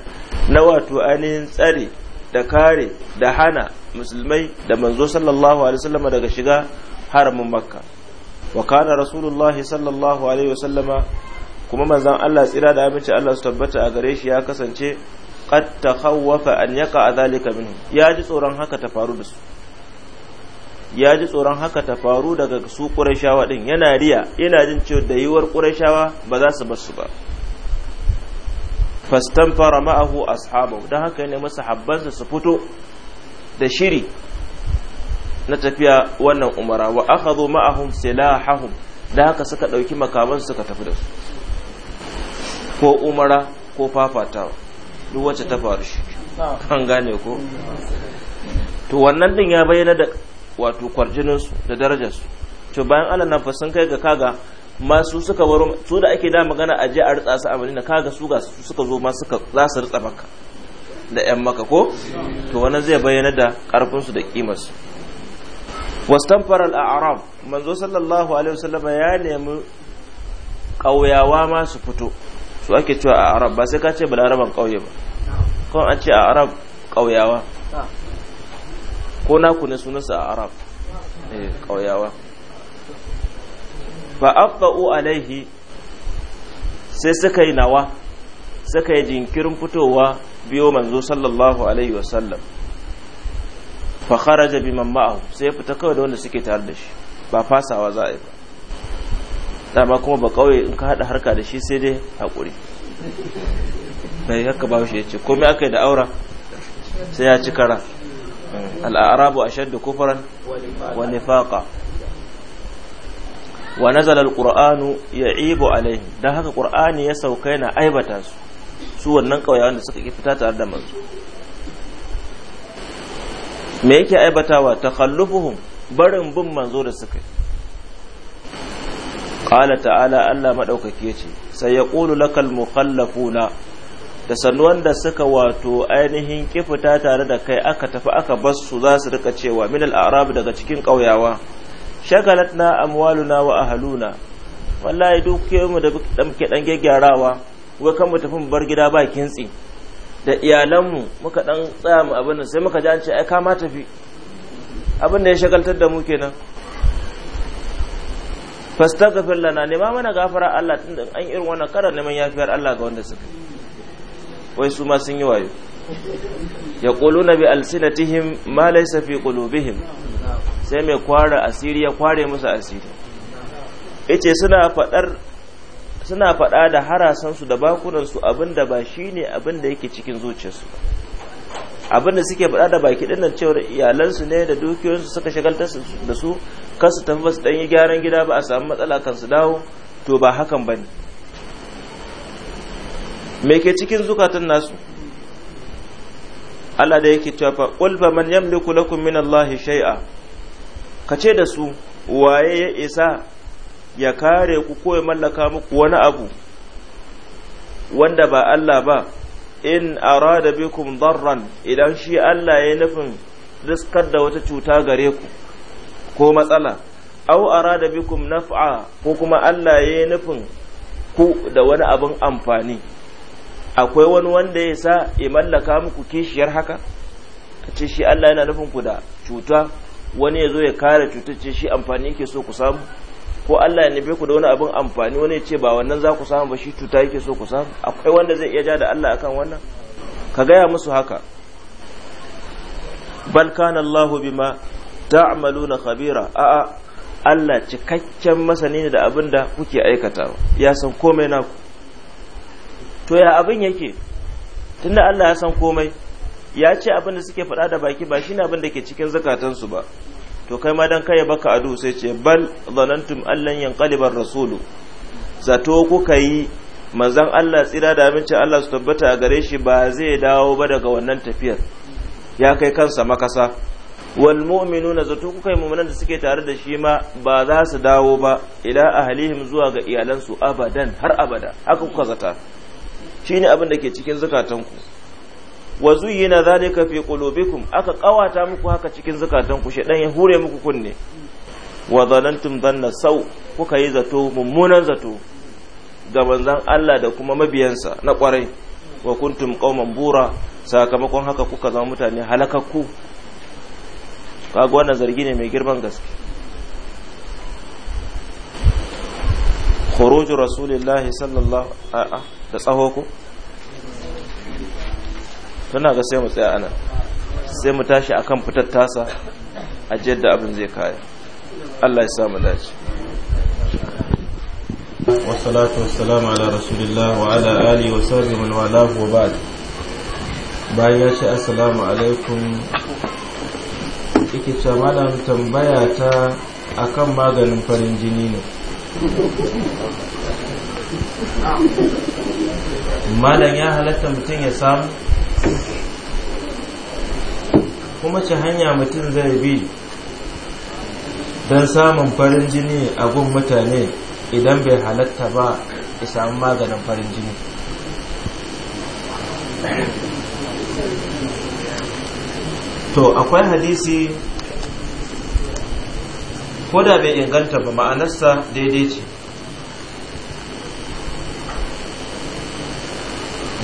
na wato ainihin tsare da kare da hana musulmai da manzo sallallahu alaihi wasallama daga shiga haramin makka wa kana rasulullahi sallallahu alaihi wasallama kuma manzon Allah tsira da abinci Allah su tabbata a gare shi ya kasance qad takhawwafa an yaqa zalika minhu ya ji tsoron haka ta faru da su ya ji tsoron haka ta faru daga su Qurayshawa ɗin, yana riya yana jin cewa da yiwuwar Qurayshawa ba za su bar su ba fastanfara ma'ahu ashabu don haka ne masa habbansa su fito da shiri na tafiya wannan umara wa aka akhadhu ma'ahum silahahum da haka suka ɗauki makaman suka tafi da su ko umara ko fafatawa duk wacce ta faru shi an gane ko to wannan din ya bayyana da wato kwarjinin da darajarsu to bayan Allah nan fa kai ga kaga masu suka waro su da ake da magana a je a ritsa su a madina kaga su ga su suka zo ma suka za su ritsa maka da yan maka ko to wannan zai bayyana da karfin su da kimar su wastanfar al-a'rab manzo sallallahu alaihi wasallam ya nemi kauyawa ma su fito su ake cewa a arab ba sai ka ce balaraban kauye ba ko an ce a arab kauyawa ko ku ne sunansa a arab kauyawa eh, fa'abba'u alaihi sai suka yi nawa suka yi jinkirin fitowa biyo manzo sallallahu alaihi wasallam fa kharaja man ma'ahu sai fita kawai da wanda suke tare da shi ba fasawa za a yi ba kuma ba kawai in ka haɗa harka da shi sai dai hakuri bai haka ba shi ya komai aka yi da aura sai ya ci kara al'arabu arabu ashaddu kufaran wa nifaqan wa nazala ya ya'ibu alaihi don haka qur'ani ya sauka yana aibata su su wannan kauyawan da suka ki fita tare da manzo me yake aibatawa takhallufuhum barin bin manzo da suka yi qala ta'ala Allah madaukaki yace sai yaqulu lakal mukhallafuna da sannu wanda suka wato ainihin fita tare da kai aka tafi aka bar su za su rika cewa minal a'rabu daga cikin ƙauyawa. na shagalat a amwaluna wa ahaluna wallahi mu da muke dan gyarawa ga kan mu tafi mu bar gida ba kintsi da iyalan mu muka dan tsaya mu abin sai muka ji an ce ai ka ma tafi abin da ya shagaltar da mu kenan fastaghfir lana ne ma mana gafara Allah tunda an irin wannan karar neman yafiyar Allah ga wanda suka wai su ma sun yi wayo yaquluna bi alsinatihim ma laysa fi qulubihim sai mai kwara asiri ya kware musu asiri yace suna fadar suna fada da harasansu da bakunansu abinda ba shine abinda yake cikin zuciyarsu abinda suke faɗa da baki dinnan cewar iyalansu ne da dukiyoyinsu suka shagaltar da su kansu tafi basu dan yi gyaran gida ba a samu matsala kan su dawo to ba hakan bane me ke cikin zukatan nasu Allah da yake cewa qul fa man yamliku lakum min Allah shay'a ka ce da su waye ya isa ya kare ku ko ya mallaka muku wani abu wanda ba Allah ba in arada bikum darran idan shi Allah ya nufin riskar da wata cuta gare ku ko matsala au arada bikum naf'a ko kuma Allah ya nufin ku da wani abin amfani akwai wani wanda ya sa ya mallaka muku kishiyar haka a ce shi Allah yana nufin ku da cuta wani ya zo ya kare cutacce ce shi amfani yake so ku samu ko Allah ya nufe ku da wani abin amfani wani ya ce ba wannan za ku samu ba shi cuta yake so ku samu akwai wanda zai iya ja da Allah akan wannan ka gaya musu haka bal kana Allah bima ta'maluna khabira a'a Allah cikakken masani ne da abin da kuke aikatawa ya san komai naku to ya abin yake tunda Allah ya san komai ya ce abin da suke faɗa da baki ba shine abin da ke cikin zakatansu ba to kai ma dan kai baka adu sai ce bal zalantum allan yanqalibar rasulu zato kuka yi manzon Allah tsira da amince Allah su tabbata gare shi ba zai dawo ba daga wannan tafiyar ya kai kansa makasa wal mu'minuna zato kuka yi mu'minan da suke tare da shi ma ba za su dawo ba ila ahlihim zuwa ga iyalansu abadan har abada haka kuka zata shine abin da ke cikin zakatanku wa zuyyina zalika fi qulubikum aka kawata muku haka cikin zakatan ku shedan ya hure muku kunne wa zalantum dhanna sau kuka yi zato mummunan zato ga manzon Allah da kuma mabiyansa na kwarai wa kuntum qauman bura sakamakon haka kuka zama mutane halakakku kaga wannan zargi ne mai girman gaske khuruju rasulillahi sallallahu a'a da tsaho ku tana ga sai mu tsaya ana sai mu tashi akan fitar tasa a da abin zai kaya Allah ya sa mu dace wasalatu wasalamu ala rasulillah wa ala alihi wa sahbihi wa ala wa ba'd bayan ya ce assalamu alaikum kike cewa malam tambaya ta akan maganin farin jini ne malam ya halatta mutum ya samu kuma ce hanya mutum zai bi don samun farin jini a gun mutane idan bai halatta ba ya samun maganin farin jini to akwai hadisi ko da bai inganta ba ma'anarsa daidai ce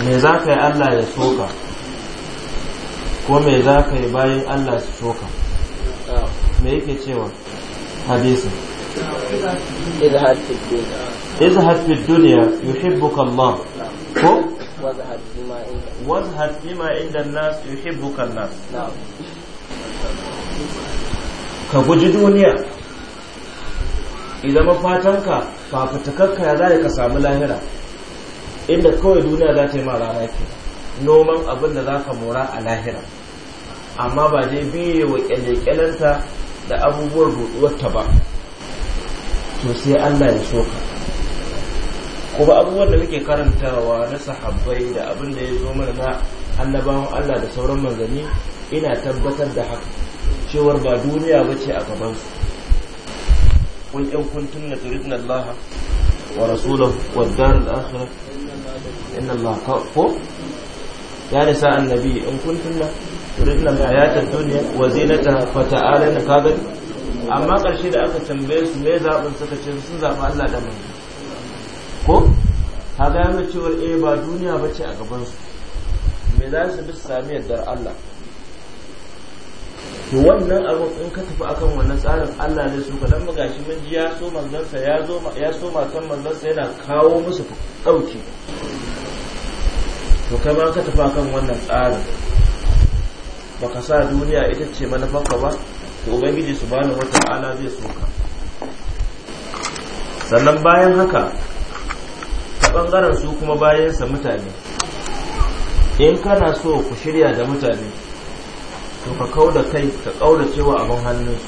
me za ka yi allah ya soka ko me za ka yi bayan Allah su soka me yake cewa hadisin izhad duniya dunya yuhibbuka ma ko wasu wazhad ma inda nas yuhibbuka nas ka guji duniya idan mafatanka fafutukakka ya zai ka samu lahira inda kawai duniya za ta yi ma rana ke noman abin da za ka mora a lahira amma ba dai biye wa kyale da abubuwan ruduwarta ba to sai Allah ya soka kuma abubuwan da muke karantawa na sahabbai da abin da ya zo mana na annabawan Allah da sauran manzanni ina tabbatar da haka cewar ba duniya ba ce a gabansu kun yan kuntun na turidin Allah wa rasulahu wa darar akhirah inna Allah ko ya nisa annabi in kuntun na turidna ya hayata ad-dunya wa zinata fa na kaga amma karshe da aka tambaye su me zaɓin suka ce sun zaɓi Allah da mu ko kaga yana cewa eh ba duniya bace a gaban su me za su bi sami yardar Allah to wannan abu in ka tafi akan wannan tsarin Allah ne su kadan gashi mun ji ya so manzansa ya zo ya so matan manzansa yana kawo musu dauki to kai ma ka tafi akan wannan tsarin baka sa duniya ita ce manufanka ba to ubangiji subhanahu ala zai soka sannan bayan haka ta bangaren su kuma bayansa mutane in kana so ku shirya da mutane to ka kau da kai ka kaura cewa abin hannun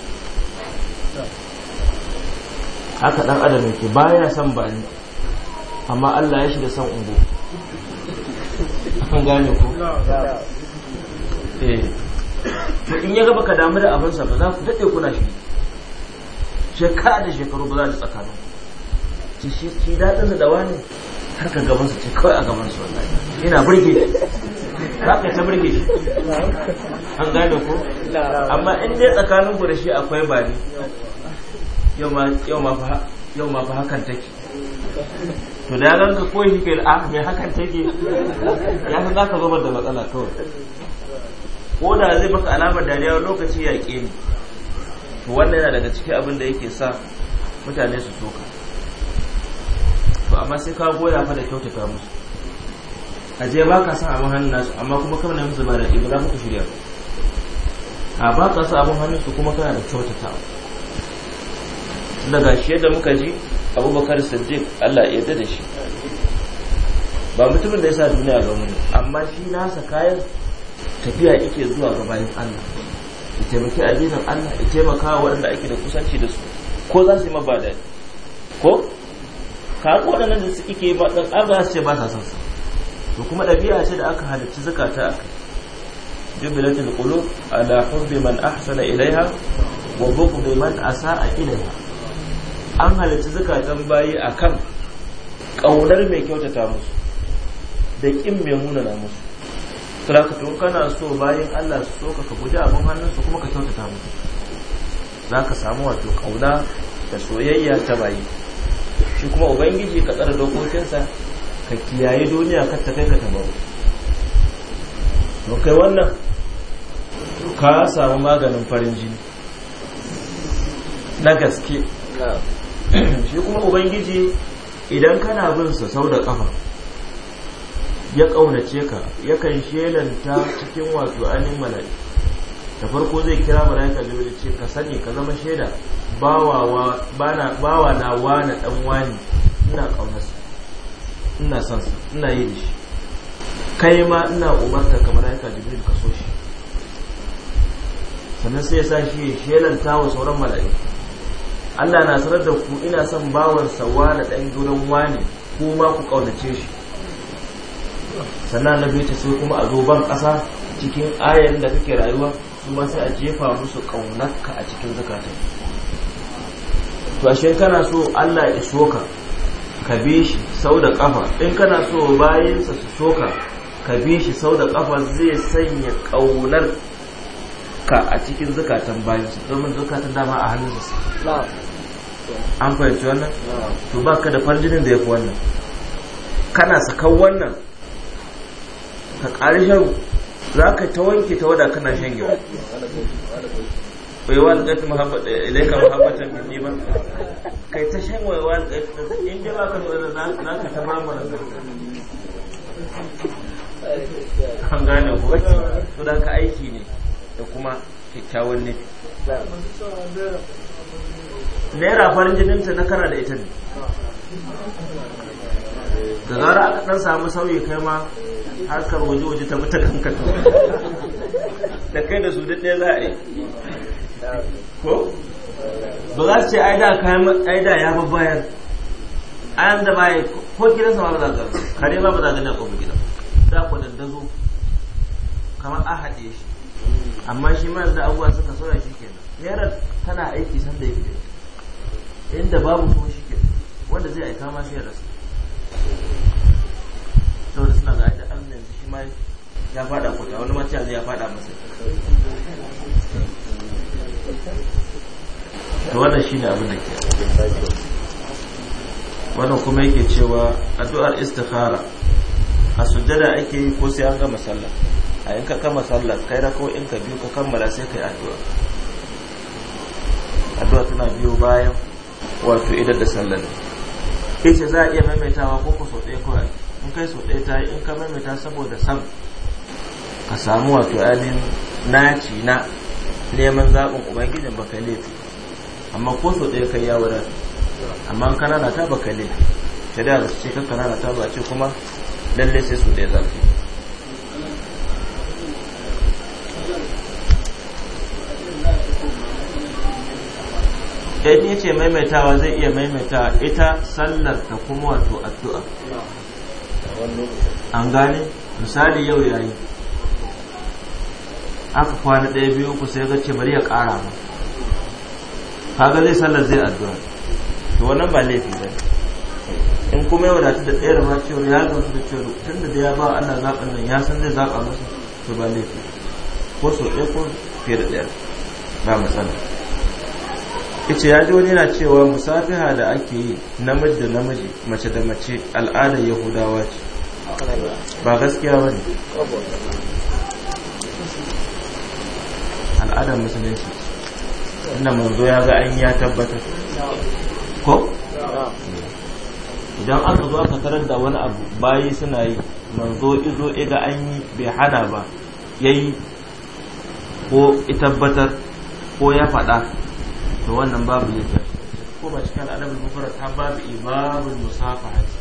haka dan adam yake baya son bani amma Allah ya shiga son ungo an gane ku to in ya ga ka damu da abinsa ba za ku daɗe kuna shi shekara da shekaru ba za da tsakanin ci shi daɗin da wani har ka gaban sa, ce kawai a gabansa wallahi ina burge za ka ta burge shi an gane ko amma in dai tsakanin ku da shi akwai ba ne yau ma fa hakan take to da ranka ko shi ke a ah, me hakan take ya san za ka zo da matsala to ko da zai baka alamar dariya lokaci ya ke ni to wannan yana daga cikin abin da yake sa mutane su soka to amma sai ka goya fa da kyautata musu a je ba ka san abin hannun nasu amma kuma kamar na musu bada da ba za ku shirya a ba ka sa abin hannun su kuma kana da kyautata daga shi yadda muka ji abubakar sadiq allah ya da shi ba mutumin da ya sa duniya ga mu amma shi nasa kayan tafiya ke zuwa ga bayan Allah ya taimaki addinin Allah ya taimaka wa waɗanda ake da kusanci da su ko za su yi maba da ko ka ko waɗannan da su ike ba ɗan aga su ce ba sa son su kuma ɗabi'a ce da aka halarci zakata a kai jubilatul qulub ala hubbi man ahsana wa bughdi man asaa an halarci zakatan bayi kan kaunar mai kyautata musu da kin mai munana musu sarakatu kana so bayan Allah su so ka guji abin hannunsu kuma ka kyautata musu za ka samu wato kauna da soyayya ta bayi shi kuma ubangiji ka tsara dokokinsa ka kiyaye duniya ka ta kai ka ta bau kai wannan ka samu maganin farin jini na gaske shi kuma ubangiji idan kana bin sa sau da kafa ya ƙaunace ka yakan shelanta cikin wato ainihin mala'iku da farko zai kira mala'ika jibril ce ka sani ka zama shaida bawa na wani dan wani ina kaunarsa ina son ina yi da shi kai ma ina umarta ka mala'ika jibril ka so shi sannan sai ya sa shi ya shelanta wa sauran mala'iku Allah na sanar da ku ina son bawansa wani dan gurin wani kuma ku kaunace shi sannan na biyu ta sai kuma a zoban kasa ƙasa cikin ayar da kake rayuwa su ma sai a jefa musu ƙaunarka a cikin zakatan to ashe kana so Allah ya soka ka bi shi sau da ƙafa in kana so bayansa su soka ka bi shi sau da ƙafa zai sanya ƙaunar ka a cikin zukatan su domin zukatan dama a hannunsa an fahimci wannan to ka da farjinin da ya fi wannan kana sakan wannan ka ƙari shan za ka ta wanke ta wada kana shan giwa bai wa alƙaiti ilaika muhabbatan biki ba kai ta shan wai wa alƙaiti in ji ba ka zo da na ka ta mamara an gane ko su da ka aiki ne da kuma kyakkyawan nufi naira farin jininta na kara da ita ne da zara aka dan samu sauyi kai ma harkar waje-waje ta mutaka kanka da kai da su dade za a yi ko ba za su ce aida kayan aida ya fi bayan ayan da baya ko gidansa ba za ka kare ba ba za gani a kofar gidan za ku dazo kamar a haɗe shi amma shi ma da abubuwa suka saura shi kenan yara tana aiki sanda ya fita inda babu kuma shi kenan wanda zai aika ma sai ya rasa saboda suna ga ita arna yanzu shi ma ya fada kuta wani mace zai ya fada masa to shi ne abin da ke wannan kuma yake cewa addu'ar istikhara a sujjada ake yi ko sai an gama sallah a in ka kama sallah kai ko in ka biyu ka kammala sai kai addu'a addu'a tana biyo bayan wato idan da sallah ne sai ce za a iya maimaitawa ko ku sau ɗaya kawai in kai sau ɗaya ta in ka maimaita saboda sam ka samu wato ainihin naci na neman zaɓin ubangijin baka laifi amma ko sau ɗaya kai ya wadata amma kanana ta baka laifi ta da su ce kan kanana ta ba ce kuma lalle sai sau ɗaya zafi idan ya ce maimaitawa zai iya maimaita ita sallar ta kuma wato addu'a an gane misali yau yayi aka kwana ɗaya biyu ku sai ga ce bari ya ƙara ma kaga zai sallar zai addu'a to wannan ba laifi ba in kuma ya ta da tsayar ma cewa ya gamsu da cewa tun da ya ba Allah zaɓin nan ya san zai zaɓa musu to ba laifi ko so ɗaya ko fiye da ɗaya ba matsala ita ya ji wani na cewa musafiha da ake yi namiji da namiji mace da mace al'adar yahudawa ce ba gaskiya ba ne al'adar musulunci inda manzo ya ga an ya tabbatar ko idan aka zo aka tarar da wani abu bayi suna yi manzo izo iga an yi bai hana ba yayi ko tabbatar ko ya faɗa to wannan babu laifi ko ba cikin al'adabul mufrad ta babu musafa haji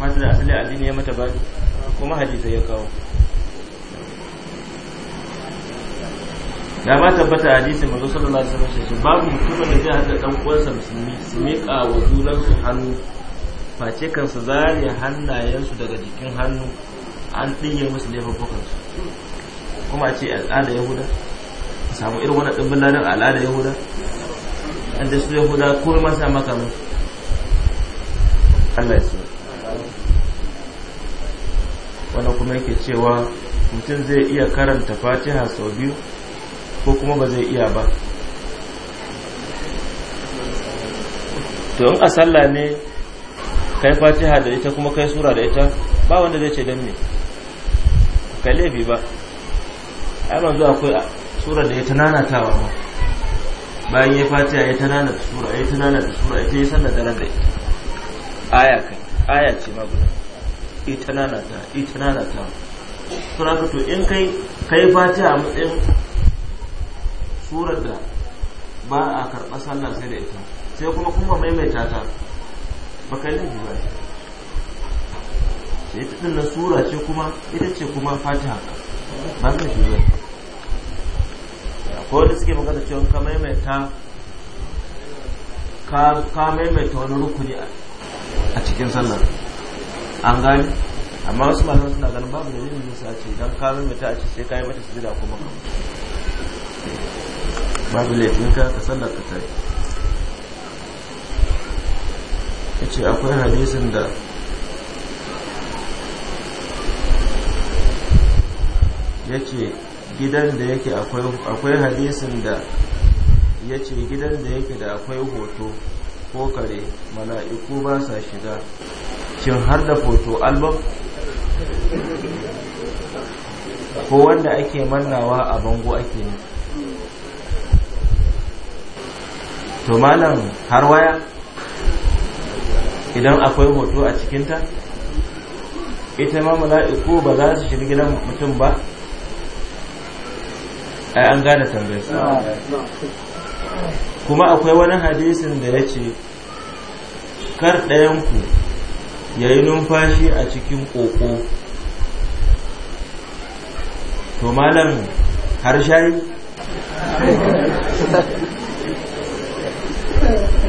mata da asali addini ya mata babu kuma hadisi ya kawo da ba tabbata a hadisi mazo sallallahu alaihi wasallam shi babu mutumin da zai hada dan uwansa musulmi su miƙa wa junansu hannu face kansu zare hannayensu daga jikin hannu an ɗinye musu laifukan kuma ce al'ada yahuda samu irin wani ɗimbin ladan al'adar yahuda an da su yahuda komai sa maka mu allah ya so wannan kuma yake cewa mutum zai iya karanta fatiha sau biyu ko kuma ba zai iya ba to in a sallah ne kai fatiha da ita kuma kai sura da ita ba wanda zai ce don ne kai laifi ba yi manzo akwai sura da ya ta wa ba bayan ya fati ya ta sura ya ta sura ita yi sallar daren da ita aya kai aya ce ma guda ita nanata ita nanata sura ka to in kai kai fati a matsayin sura da ba a karɓa sallah sai da ita sai kuma kuma maimaita ta ba kai ne ba sai ta ɗin na sura ce kuma ita ce kuma fatiha ba shi ba ko da suke magana cewa ka maimaita ka maimaita wani rukuni a cikin sallar an gani amma wasu masu suna ganin babu da yin nisa ce don ka maimaita a ce sai ka yi mata su jira kuma babu laifin ka ka sallar ka tare ya ce akwai hadisin da ya ce gidan da yake akwai hadisin da ya ce gidan da yake da akwai hoto ko kare mala'iku ba sa shiga shin har da hoto album ko wanda ake mannawa a bango ake ne to malam har waya idan akwai hoto a cikinta ita ma mala'iku ba za su shiga gidan mutum ba ai an gane tambayar kuma akwai wani hadisin da ya ce kar ɗayanku ya yi numfashi a cikin ƙoƙo to malam har shayi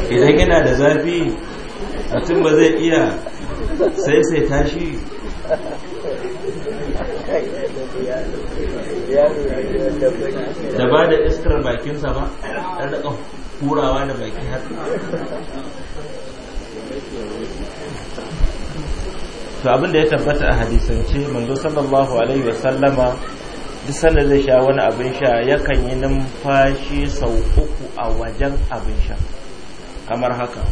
idan yana da zafi mutum ba zai iya sai sai tashi da ba da iskar bakinsa ba ɗan daga hurawa da baki har to abinda ya tabbata a hadisance manzo sallallahu alaihi wa sallama duk sanda zai sha wani abin sha yakan yi numfashi sau uku a wajen abin sha kamar haka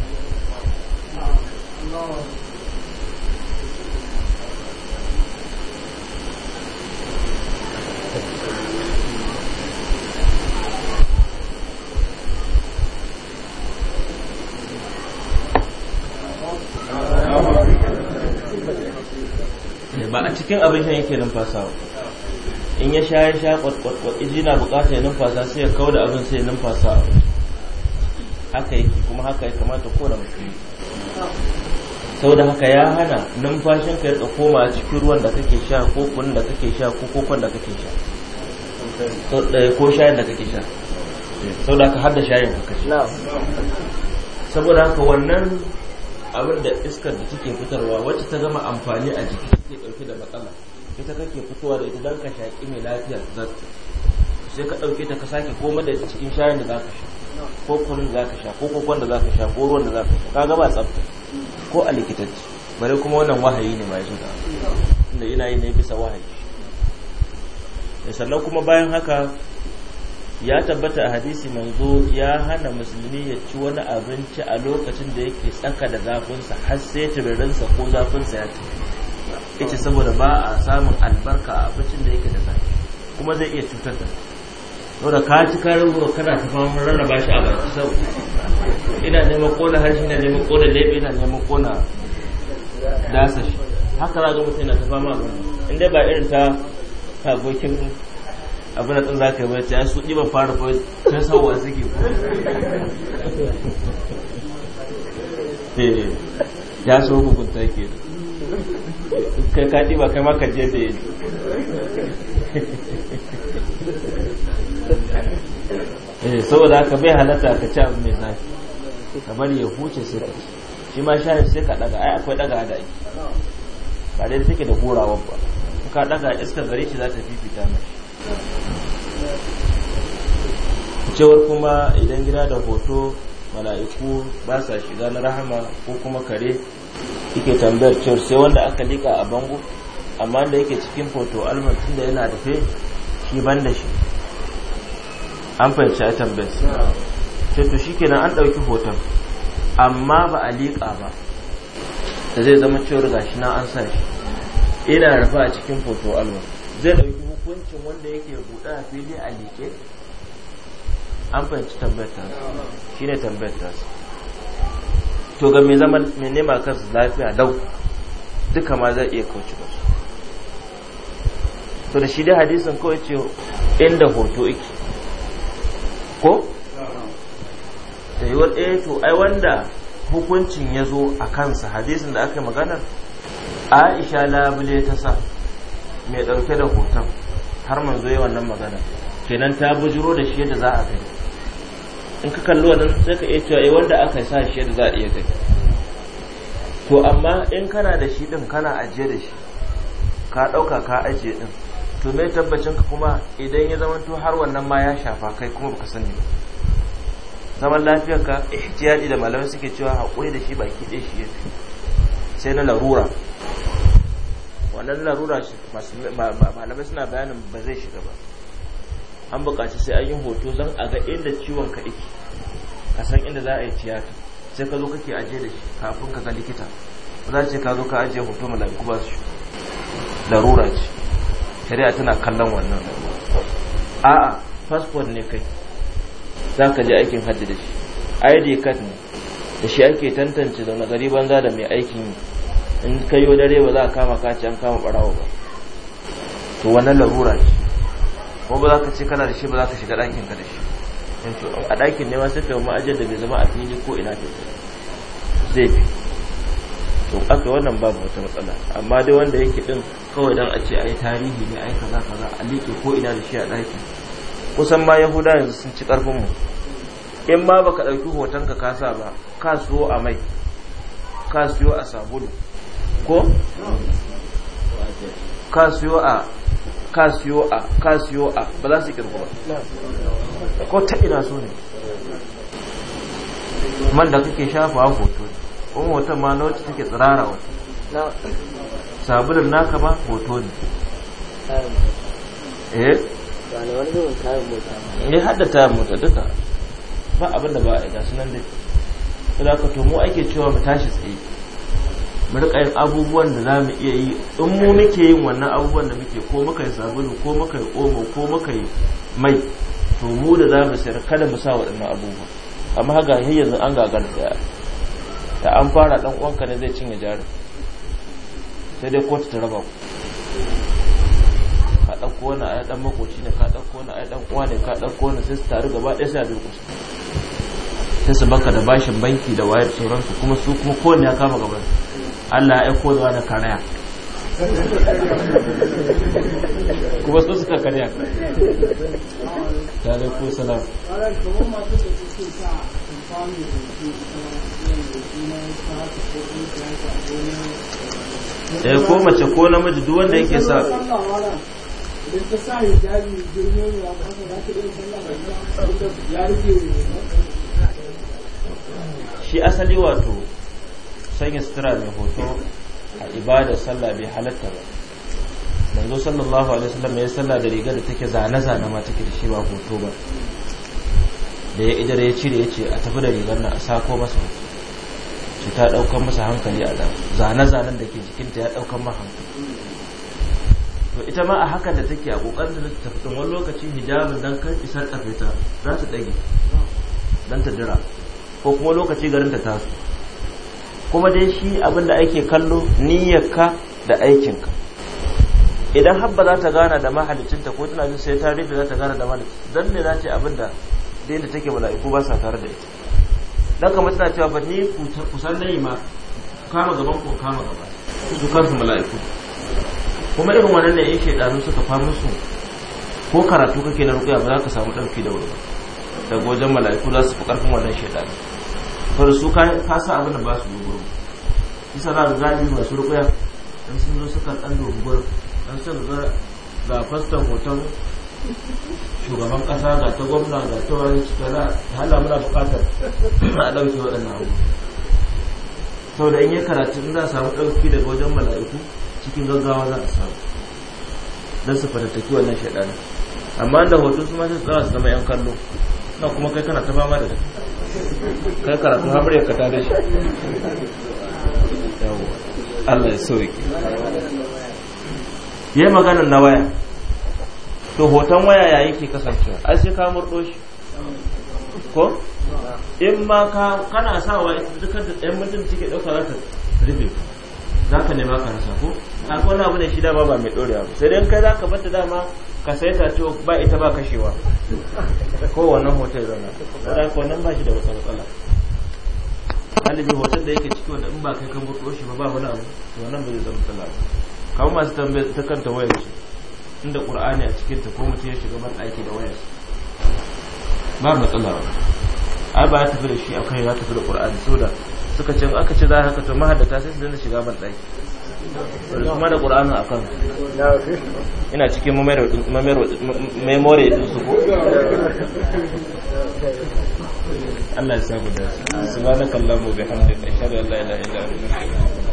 cikin abin shan yake numfasawa in ya sha ya sha kwatkwatkwat iji na bukata ya numfasa sai ya kawo da abin sai ya numfasa haka yake kuma haka ya kamata ko da musulmi sau da haka ya hana numfashin ka ya koma a cikin ruwan da kake sha ko kunun da kake sha ko kokon da kake sha ko shayin da kake sha sau da haka har da shayin ka sha saboda haka wannan abin da iskar da take fitarwa wacce ta zama amfani a jiki take da matsala ita kake fitowa da ita don ka shaƙi mai lafiya zarta sai ka ɗauke ta ka sake koma da cikin shayin da za ka sha ko kunun za ka sha ko kokon da za ka sha ko ruwan da za ka sha ka gaba tsafta ko a likitanci bare kuma wannan wahayi ne mai zuga inda ina yi ne bisa wahayi sannan kuma bayan haka ya tabbata a hadisi manzo ya hana musulmi ya ci wani abinci a lokacin da yake tsaka da zafinsa har sai tiririnsa ko zafinsa ya tafi yace saboda ba a samun albarka a abincin da yake da zaki kuma zai iya cutar da saboda ka ci karin ruwa kana ta fama rarraba shi a baki sau ina neman kona harshe ina neman kona lebe ina neman kona dasa shi haka za ga mutum yana ta fama ba inda ba irin ta tagokin abin da za ka yi mai ta su ɗiban fara kawai ta sauwa suke eh, ya so hukunta ke da kai ka ɗiba kai maka je da eh saboda aka bai halatta ka ci abu mai zafi ka bari ya huce sai ka shi ma shayar sai ka daga ai akwai daga da ake ba dai take da horawar ba ka daga iskar gare shi za ta fifita mai cewar kuma idan gida da hoto mala'iku ba sa shiga na rahama ko kuma kare yake tambayar cewar sai wanda aka liƙa a bango amma da yake cikin foto alman tun da yana tafe shi ban da shi an fahimci a tambayar sai to shi kenan an ɗauki hoton amma ba a liƙa ba da zai zama cewar gashi na an sa shi ina rufe a cikin foto alman zai ɗauki hukuncin wanda yake buɗe a fili a liƙe an fahimci tambayar tasa ne tambayar tasa to ga mai zama mai nema kansu lafiya lau duka ma zai iya kauce ba to da shi dai hadisin kawai ce inda hoto yake ko da yiwuwar eh to ai wanda hukuncin ya zo a kansa hadisin da aka yi maganar aisha labule ta sa mai ɗauke da hoton har manzo yi wannan magana kenan ta bujiro da shi yadda za a gani in ka kalli wannan sai ka iya cewa eh, wanda aka sa shi yadda za a iya kai to amma in kana da shi din kana ajiye da shi ka ɗauka ka ajiye din to me tabbacin ka kuma idan ya zama to har wannan ma ya shafa kai kuma baka sani ba zaman lafiyar ka ihtiyadi da malamai suke cewa haƙuri da shi baki ɗaya shi fi. sai na larura wannan larura malamai suna bayanin ba zai shiga ba an buƙaci sai an yi hoto zan a ga inda ciwon ka ike ka san inda za a yi tiyata sai ka zo kake aje da shi kafin ka ga likita ba za ce ka zo ka aje hoto mala'iku ba su larura ce shari'a tana kallon wannan a'a fasfon ne kai za ka je aikin hajji da shi id card ne da shi ake tantance zaune gari banza da mai aikin yi in kayo dare ba za a kama kaci an kama barawa ba to wannan larura ce ko ba za ka ce kana da shi ba za ka shiga ɗakin ka da shi to a ɗakin ne ma sai ka yi ma'ajiyar da bai zama a fili ko ina ta zai fi to aka wannan babu wata matsala amma dai wanda yake din kawai dan a ce ai tarihi ne ai kaza kaza a liƙe ko ina da shi a ɗaki kusan ma yahuda yanzu sun ci ƙarfin mu in ma baka ɗauki hoton ka kasa ba ka siyo a mai ka siyo a sabulu ko ka siyo a ka siyo a ka siyo a ba za su kirku ba ko ta ina so ne man da kake shafawa hoto ne hoton ma na wacce take tsirara wata sabulun naka ma hoto ne eh ne hada ta mota duka ba abinda ba a gasu nan dai da ka to mu ake cewa mu tashi tsaye mu rika yin abubuwan da za mu iya yi in mu muke yin wannan abubuwan da muke ko muka yi sabulu ko muka yi omo ko muka yi mai to mu da za mu sayar kada mu sa waɗannan abubuwa amma haka har yanzu an gagar da ta an fara ɗan uwanka ne zai cinye jari sai dai kotu ta raba ku ka ɗauko wani ai ɗan makoci ne ka ɗauko wani ai ɗan uwa ne ka ɗauko wani sai su taru gaba ɗaya sai a durƙusa sai su baka da bashin banki da wayar sauransu kuma su kuma kowanne ya kama su. Allah ya aiko zuwa da karaya kuma su suka karya ta zai ko salam ya eh, ko mace ko namiji duk wanda yake sa shi asali wato sanya sutura mai hoto a ibada sallah bai halatta ba manzo sallallahu alaihi wasallam ya sallah da rigar da take zane-zane ma take da shi ba hoto ba da ya idar ya cire ya ce a tafi da rigar nan a sako masa hoto ce ta daukan masa hankali a zane-zanen da ke jikinta ya daukan ma hankali to ita ma a haka da take a kokarin da ta fitin wani lokaci hijabin dan kan isar kafeta za ta dage dan ta dira ko kuma lokaci garin ta taso kuma dai shi abin da ake kallo niyyarka da aikinka idan habba za ta gana da mahalicinta ko tana jin sai ta rufe za ta gana da mahalicinta don ne za ta yi abin da da take mala'iku ba sa tare da ita don kamar tana cewa ba ni kusan nayi ma kama gaban ko kama gaba su su kansu mala'iku kuma irin wannan da yake ɗanu suka fa musu ko karatu kake na rukuya ba za ka samu ɗauki da wuri daga wajen mala'iku za su fi ƙarfin wannan shaidan kar su ka sa abin da ba su yi isa za su gani masu rukuya ɗan sun zo suka ɗan doguwar dan sun ga ga fastan hoton shugaban ƙasa ga ta gwamna ga ta wani cikana hala muna buƙatar a ɗauke waɗannan abu sau da in yi karatu in za a samu ɗauki daga wajen mala'iku cikin gaggawa za a samu don su fatattaki wannan shaɗanin amma da hoto su masu tsawa su zama yan kallo na kuma kai kana ta fama da kai karatu hamar ya da shi Allah ya ke ya yi maganin na waya to hoton waya ya yi ke kasancewa ai sai ka murɗo shi ko in ma ka kana sa wa dukkan da ɗayan mutum cike ɗauka za ta rufe za ka nema ka nasa ko a wani abu ne shi dama ba mai ɗorewa ba sai dai kai za ka bata dama ka sai ta ce ba ita ba kashewa ko wannan hotel zama ko da ba shi da wata matsala galibi hoton da yake ciki wanda in ba kai kan burɗo shi ba ba wani abu to wannan bai zama matsala ba kamar masu tambayar ta kanta wayar inda qur'ani a cikin ta ko mutum ya shiga ban aiki da wayar ba matsala ba ai ba ya tafi da shi akan ya tafi da qur'ani saboda suka ce aka ce za a haka to mahaddata sai su dinga shiga ban aiki kuma da ƙura'anin a kan ina cikin memory ɗinsu ko Allah ya samu da su subhanakallahumma wa bihamdika ashhadu an la ilaha illa anta